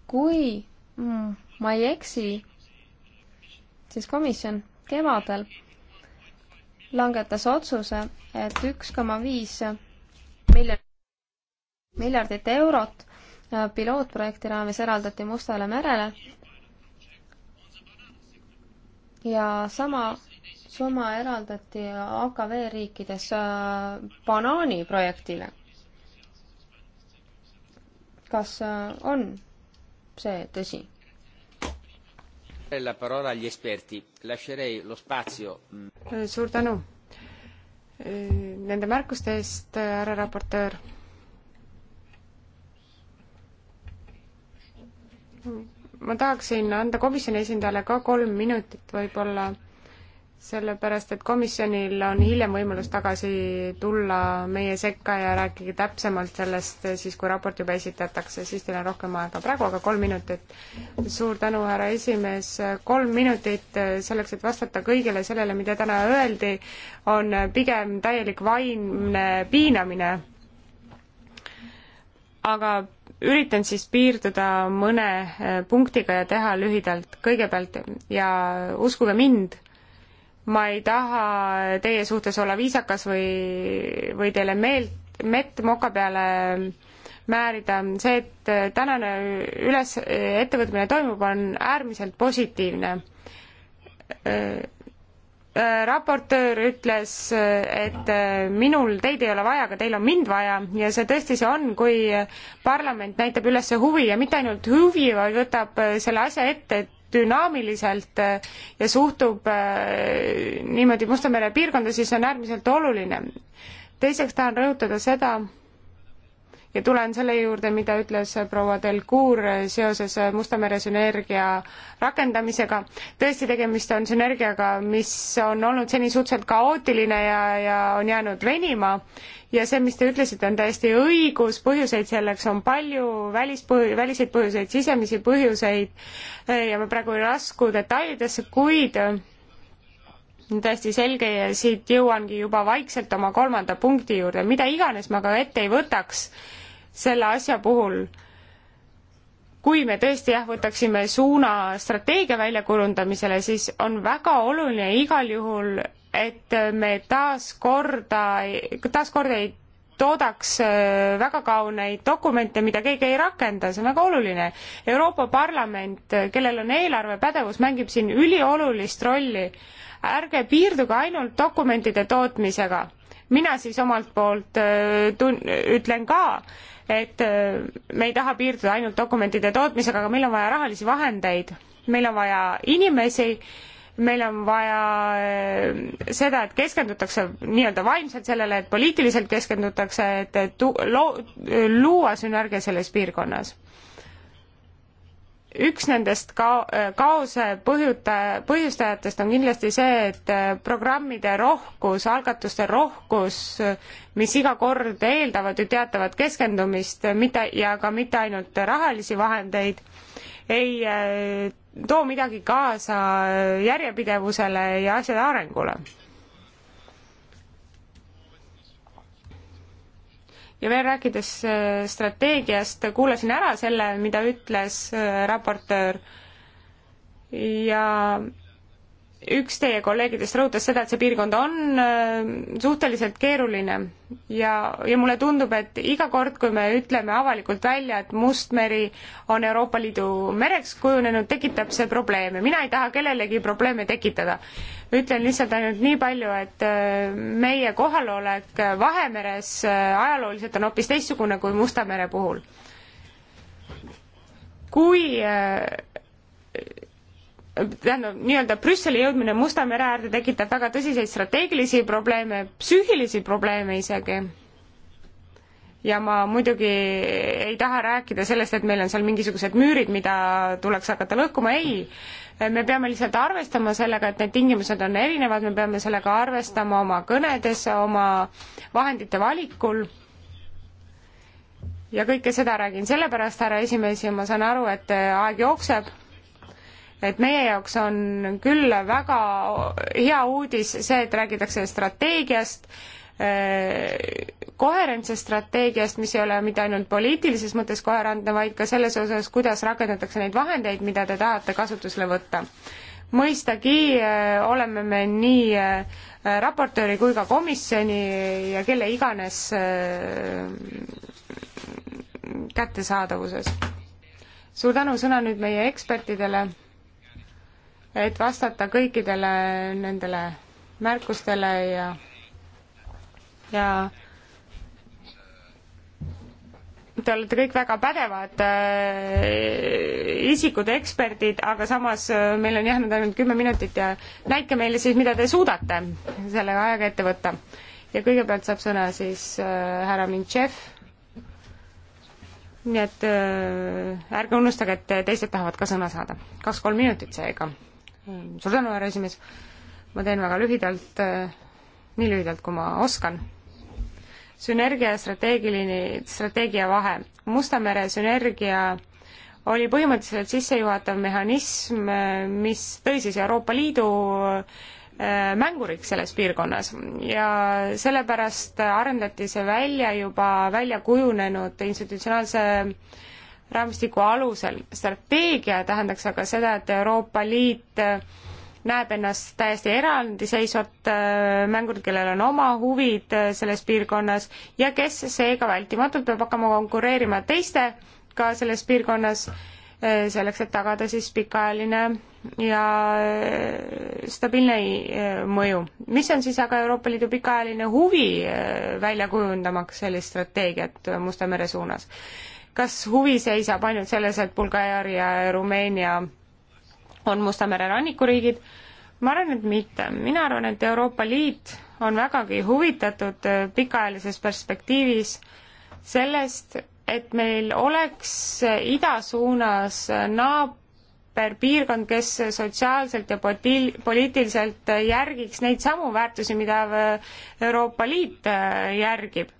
kui mm, ma ei eksi, siis komisjon kevadel langetas otsuse, et üks koma viis miljonit, miljardit eurot äh, pilootprojekti raames eraldati Mustale merele ja sama summa eraldati AKV riikides äh, banaaniprojektile. kas äh, on see tõsi? Äh, suur tänu nende märkuste eest, härra raportöör ma tahaksin anda komisjoni esindajale ka kolm minutit võib-olla, sellepärast et komisjonil on hiljem võimalus tagasi tulla meie sekka ja rääkige täpsemalt sellest siis, kui raport juba esitatakse, siis teil on rohkem aega. praegu aga kolm minutit. suur tänu, härra esimees, kolm minutit selleks, et vastata kõigele sellele, mida täna öeldi, on pigem täielik vaimne piinamine. aga üritan siis piirduda mõne eh, punktiga ja teha lühidalt kõigepealt ja uskuge mind, ma ei taha teie suhtes olla viisakas või, või teile meelt, mett moka peale määrida, see, et eh, tänane üles, eh, ettevõtmine toimub, on äärmiselt positiivne Äh, raportöör ütles, äh, et äh, minul teid ei ole vaja, aga teil on mind vaja ja see tõesti see on, kui parlament näitab üles huvi ja mitte ainult huvi, vaid võtab selle asja ette dünaamiliselt ja suhtub niimoodi Musta mere piirkonda, siis see on äärmiselt oluline. teiseks tahan rõhutada seda, ja tulen selle juurde, mida ütles proua Delcour seoses Musta mere sünergia rakendamisega. tõesti, tegemist on sünergiaga, mis on olnud seni suhteliselt kaootiline ja, ja on jäänud venima ja see, mis te ütlesite, on täiesti õigus, põhjuseid selleks on palju, välispõh-, väliseid põhjuseid, sisemisi põhjuseid ja ma praegu ei lasku detailidesse, kuid täiesti selge ja siit jõuangi juba vaikselt oma kolmanda punkti juurde, mida iganes ma ka ette ei võtaks, selle asja puhul, kui me tõesti jah, võtaksime suuna strateegia väljakujundamisele, siis on väga oluline igal juhul, et me taaskorda, taaskord ei toodaks äh, väga kauneid dokumente, mida keegi ei rakenda, see on väga oluline. Euroopa Parlament, kellel on eelarvepädevus, mängib siin üliolulist rolli. ärge piirduge ainult dokumentide tootmisega. mina siis omalt poolt äh, tun-, ütlen ka, et äh, me ei taha piirduda ainult dokumentide tootmisega, aga meil on vaja rahalisi vahendeid, meil on vaja inimesi, meil on vaja äh, seda, et keskendutakse nii-öelda vaimselt sellele, et poliitiliselt keskendutakse, et, et lo-, luua sünergia selles piirkonnas üks nendest ka-, äh, kaose põhjuta-, põhjustajatest on kindlasti see, et äh, programmide rohkus, algatuste rohkus, mis iga kord eeldavad ju teatavat keskendumist, äh, mitte, ja ka mitte ainult rahalisi vahendeid, ei too midagi kaasa järjepidevusele ja asjade arengule ja veel rääkides äh, strateegiast, kuulasin ära selle, mida ütles äh, raportöör ja üks teie kolleegidest rõhutas seda, et see piirkond on äh, suhteliselt keeruline ja, ja mulle tundub, et iga kord, kui me ütleme avalikult välja, et Mustmeri on Euroopa Liidu mereks kujunenud, tekitab see probleeme. mina ei taha kellelegi probleeme tekitada. ütlen lihtsalt ainult nii palju, et äh, meie kohalolek Vahemeres äh, ajalooliselt on hoopis teistsugune kui Musta mere puhul. kui tähendab, nii-öelda Brüsseli jõudmine Musta mere äärde tekitab väga tõsiseid strateegilisi probleeme, psüühilisi probleeme isegi. ja ma muidugi ei taha rääkida sellest, et meil on seal mingisugused müürid, mida tuleks hakata lõhkuma, ei. me peame lihtsalt arvestama sellega, et need tingimused on erinevad, me peame sellega arvestama oma kõnedes, oma vahendite valikul ja kõike seda räägin sellepärast, härra esimees, ja ma saan aru, et aeg jookseb et meie jaoks on küll väga hea uudis see, et räägitakse strateegiast, eh, koherentsest strateegiast, mis ei ole mitte ainult poliitilises mõttes koherentne, vaid ka selles osas, kuidas rakendatakse neid vahendeid, mida te tahate kasutusele võtta. mõistagi eh, oleme me nii eh, raportööri kui ka komisjoni ja kelle iganes kättesaadavuses. suur tänu sõna nüüd meie ekspertidele et vastata kõikidele nendele märkustele ja, ja te olete kõik väga pädevad äh, isikud, eksperdid, aga samas äh, meil on jäänud ainult kümme minutit ja näidake meile siis, mida te suudate selle ajaga ette võtta. ja kõigepealt saab sõna siis äh, härra Mintšev. nii et äh, ärge unustage, et teised tahavad ka sõna saada. kaks-kolm minutit seega ka Mm, suur tänu, härra esimees. ma teen väga lühidalt, äh, nii lühidalt, kui ma oskan. sünergia ja strateegiline, strateegia vahe. Musta mere sünergia oli põhimõtteliselt sissejuhatav mehhanism, äh, mis tõi siis Euroopa Liidu äh, mänguriks selles piirkonnas ja sellepärast arendati see välja juba välja kujunenud institutsionaalse raamistiku alusel. strateegia tähendaks aga seda, et Euroopa Liit äh, näeb ennast täiesti eraldiseisvat äh, mängurit, kellel on oma huvid äh, selles piirkonnas ja kes seega vältimatult peab hakkama konkureerima teistega selles piirkonnas, selleks et tagada siis pikaajaline ja stabiilne mõju. mis on siis aga Euroopa Liidu pikaajaline huvi välja kujundamaks sellist strateegiat Musta mere suunas? kas huvi seisab ainult selles, et Bulgaaria ja Rumeenia on Musta mere rannikuriigid? ma arvan, et mitte. mina arvan, et Euroopa Liit on vägagi huvitatud äh, pikaajalises perspektiivis sellest, et meil oleks äh, ida suunas äh, naaberpiirkond, kes sotsiaalselt ja poti-, poliitiliselt järgiks neid samu väärtusi, mida Euroopa Liit järgib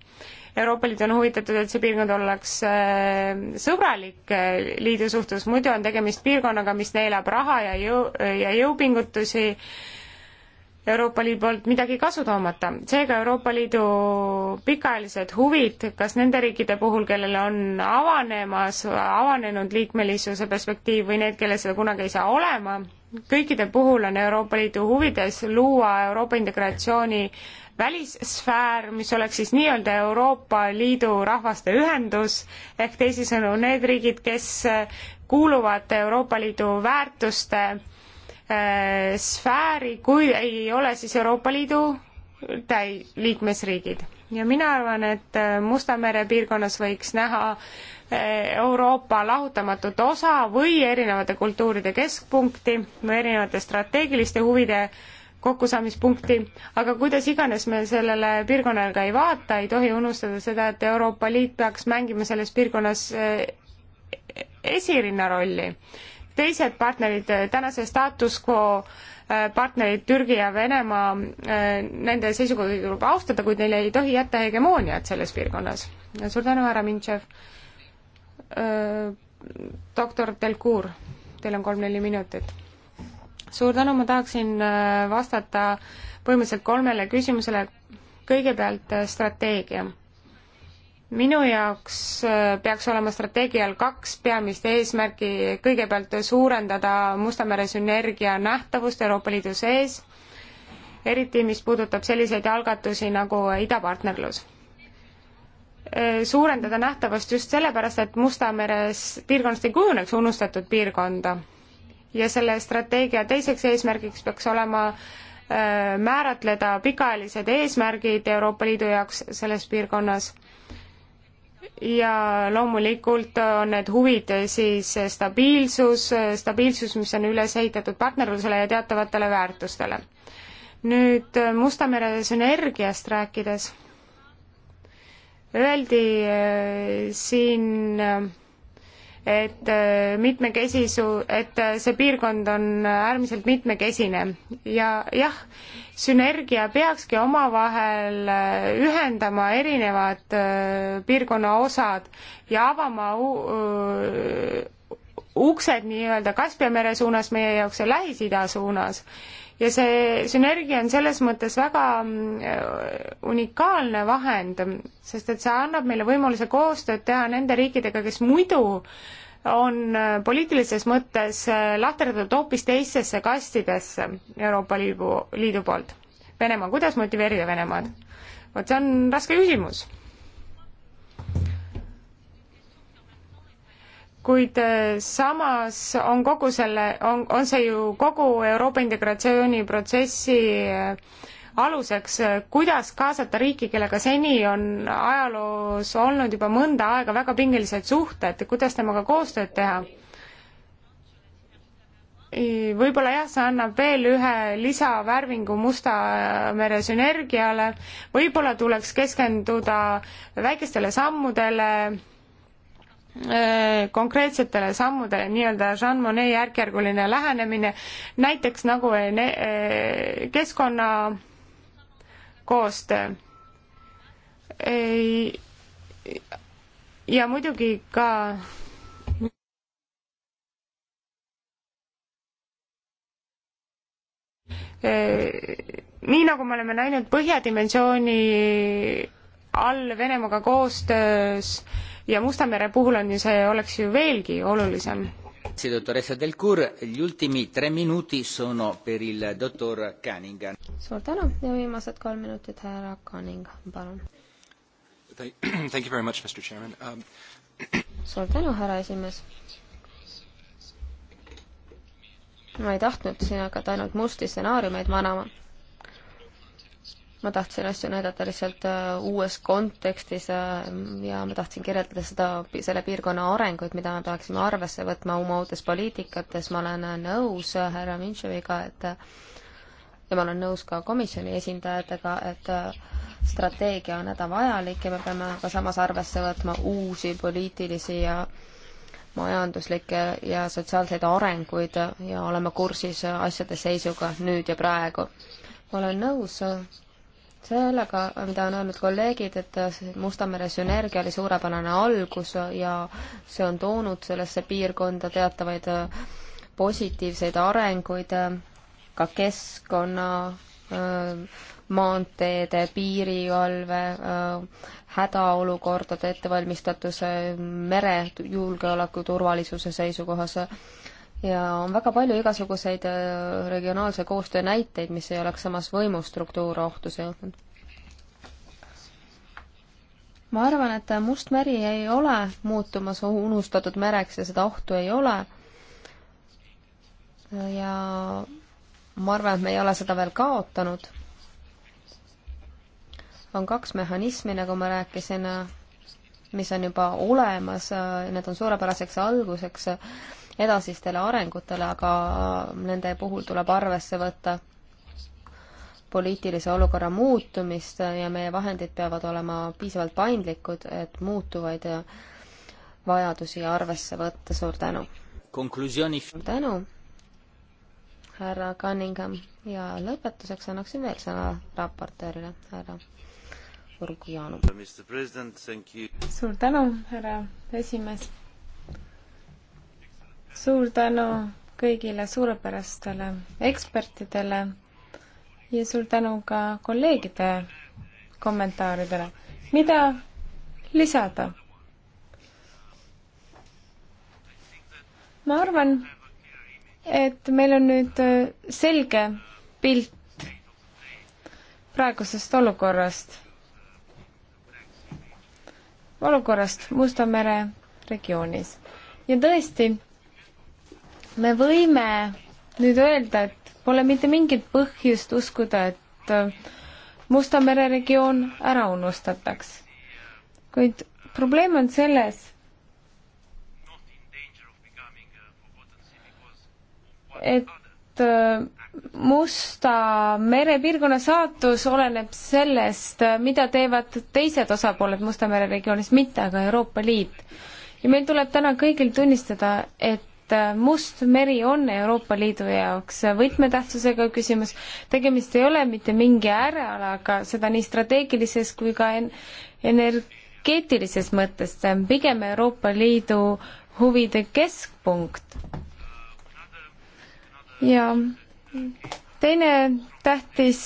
Euroopa Liit on huvitatud, et see piirkond oleks äh, sõbralik äh, liidu suhtes, muidu on tegemist piirkonnaga, mis neelab raha ja jõu, ja jõupingutusi Euroopa Liidu poolt midagi kasu toomata. seega Euroopa Liidu pikaajalised huvid, kas nende riikide puhul, kellel on avanemas, avanenud liikmelisuse perspektiiv või need, kellel seda kunagi ei saa olema, kõikide puhul on Euroopa Liidu huvides luua Euroopa integratsiooni välissfäär, mis oleks siis nii-öelda Euroopa Liidu rahvaste ühendus, ehk teisisõnu need riigid, kes äh, kuuluvad Euroopa Liidu väärtuste äh, sfääri, kui ei ole siis Euroopa Liidu täi-, liikmesriigid. ja mina arvan, et äh, Musta mere piirkonnas võiks näha äh, Euroopa lahutamatut osa või erinevate kultuuride keskpunkti või erinevate strateegiliste huvide äh, kokkusaamispunkti, aga kuidas iganes me sellele piirkonnale ka ei vaata, ei tohi unustada seda, et Euroopa Liit peaks mängima selles piirkonnas eh, esirinna rolli. teised partnerid, tänase status quo eh, partnerid Türgi ja Venemaa, eh, nende seisukohti tuleb austada, kuid neile ei tohi jätta hegemooniat selles piirkonnas. suur tänu, härra Mintšev. doktor Delcour, teil on kolm-neli minutit suur tänu, ma tahaksin äh, vastata põhimõtteliselt kolmele küsimusele. kõigepealt äh, strateegia. minu jaoks äh, peaks olema strateegial kaks peamist eesmärki, kõigepealt suurendada Musta mere sünergia nähtavust Euroopa Liidu sees, eriti mis puudutab selliseid algatusi nagu idapartnerlus suurendada nähtavust just sellepärast, et Musta meres piirkonnast ei kujuneks unustatud piirkonda ja selle strateegia teiseks eesmärgiks peaks olema äh, määratleda pikaajalised eesmärgid Euroopa Liidu jaoks selles piirkonnas. ja loomulikult on need huvid siis stabiilsus, stabiilsus, mis on üles ehitatud partnerlusele ja teatavatele väärtustele. nüüd Musta mere sünergiast rääkides, öeldi äh, siin äh, et äh, mitmekesisu, et äh, see piirkond on äärmiselt mitmekesine ja jah, sünergia peakski omavahel äh, ühendama erinevad piirkonna osad ja avama uksed nii-öelda Kaspia mere suunas meie jaoks ja Lähis-Ida suunas. ja see sünergia on selles mõttes väga unikaalne vahend, sest et see annab meile võimaluse koostööd teha nende riikidega, kes muidu äh, on äh, poliitilises mõttes äh, lahterdatud hoopis teistesse kastidesse Euroopa Liidu, Liidu poolt. Venemaa, kuidas motiveerida Venemaad? vot see on raske küsimus. kuid äh, samas on kogu selle, on, on see ju kogu Euroopa integratsiooniprotsessi äh, aluseks, kuidas kaasata riiki, kellega seni on ajaloos olnud juba mõnda aega väga pingelised suhted, kuidas temaga koostööd teha? võib-olla jah, see annab veel ühe lisavärvingu Musta mere sünergiale, võib-olla tuleks keskenduda väikestele sammudele, äh, konkreetsetele sammudele, nii-öelda Jean Monnet järkjärguline lähenemine, näiteks nagu äh, keskkonna koostöö. ja muidugi ka eh, nii nagu me oleme näinud Põhjadimensiooni all Venemaaga koostöös ja Musta mere puhul on ju see, oleks ju veelgi olulisem Grazie, dottoressa Delcour. Gli ultimi tre minuti sono per il dottor Cunningham. suur tänu ja viimased kolm minutit, härra Cunningham, palun. Thank you very much, Mr Chairman um.... suur tänu, härra esimees. ma ei tahtnud siin hakata ainult musti stsenaariumeid manama ma tahtsin asju näidata lihtsalt äh, uues kontekstis äh, ja ma tahtsin kirjeldada seda, selle piirkonna arenguid, mida me peaksime arvesse võtma oma uutes poliitikates, ma olen äh, nõus härra Mintševiga, et ja ma olen nõus ka komisjoni esindajatega, et strateegia on hädavajalik ja me peame aga samas arvesse võtma uusi poliitilisi ja majanduslikke ja sotsiaalseid arenguid ja olema kursis asjade seisuga nüüd ja praegu. ma olen nõus sellega, mida on öelnud kolleegid, et Musta mere sünergia oli suurepärane algus ja see on toonud sellesse piirkonda teatavaid äh, positiivseid arenguid äh, ka keskkonna, äh, maanteede, piirivalve, hädaolukordade ettevalmistatuse, merejulgeoleku turvalisuse seisukohas ja on väga palju igasuguseid äh, regionaalse koostöö näiteid, mis ei oleks samas võimustruktuure ohtusse jõudnud. ma arvan, et Must meri ei ole muutumas unustatud mereks ja seda ohtu ei ole. ja ma arvan, et me ei ole seda veel kaotanud. on kaks mehhanismi, nagu ma rääkisin, mis on juba olemas, need on suurepäraseks alguseks edasistele arengutele, aga äh, nende puhul tuleb arvesse võtta poliitilise olukorra muutumist ja meie vahendid peavad olema piisavalt paindlikud, et muutuvaid äh, vajadusi arvesse võtta. suur tänu! suur tänu, härra Cunningham, ja lõpetuseks annaksin veel sõna raportöörile, härra Urgu Jaanu. suur tänu, härra esimees! suur tänu kõigile suurepärastele ekspertidele ja suur tänu ka kolleegide kommentaaridele. mida lisada? ma arvan, et meil on nüüd selge pilt praegusest olukorrast, olukorrast Musta mere regioonis ja tõesti, me võime nüüd öelda, et pole mitte mingit põhjust uskuda, et äh, Musta mere regioon ära unustataks. kuid probleem on selles, et äh, Musta mere piirkonna saatus oleneb sellest, äh, mida teevad teised osapooled Musta mere regioonis, mitte aga Euroopa Liit. ja meil tuleb täna kõigil tunnistada, et Must meri on Euroopa Liidu jaoks võtmetähtsusega küsimus, tegemist ei ole mitte mingi äärealaga, seda nii strateegilises kui ka en-, energeetilises mõttes, see on pigem Euroopa Liidu huvide keskpunkt. ja teine tähtis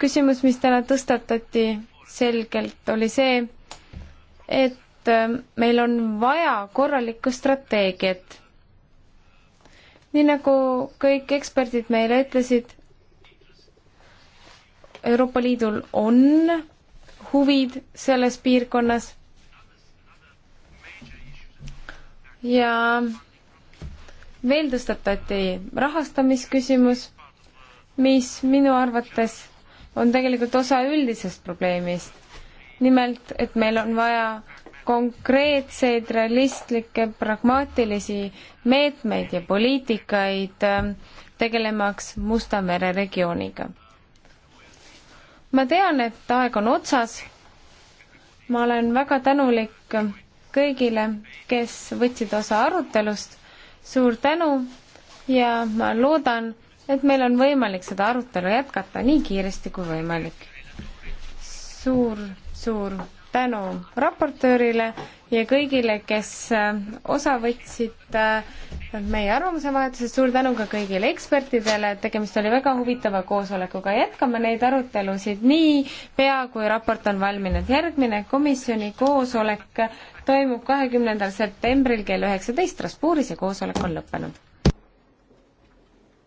küsimus, mis täna tõstatati selgelt, oli see, et et äh, meil on vaja korralikku strateegiat. nii nagu kõik eksperdid meile ütlesid, Euroopa Liidul on huvid selles piirkonnas ja veel tõstatati rahastamisküsimus, mis minu arvates on tegelikult osa üldisest probleemist. nimelt, et meil on vaja konkreetseid, realistlikke, pragmaatilisi meetmeid ja poliitikaid ähm, tegelemaks Musta mere regiooniga. ma tean, et aeg on otsas. ma olen väga tänulik kõigile, kes võtsid osa arutelust. suur tänu ja ma loodan, et meil on võimalik seda arutelu jätkata nii kiiresti kui võimalik. suur, suur tänu raportöörile ja kõigile, kes äh, osa võtsid äh, meie arvamuse vahetusest, suur tänu ka kõigile ekspertidele, tegemist oli väga huvitava koosolekuga, jätkame neid arutelusid nii pea, kui raport on valminud. järgmine komisjoni koosolek toimub kahekümnendal septembril kell üheksateist Strasbourgis ja koosolek on lõppenud.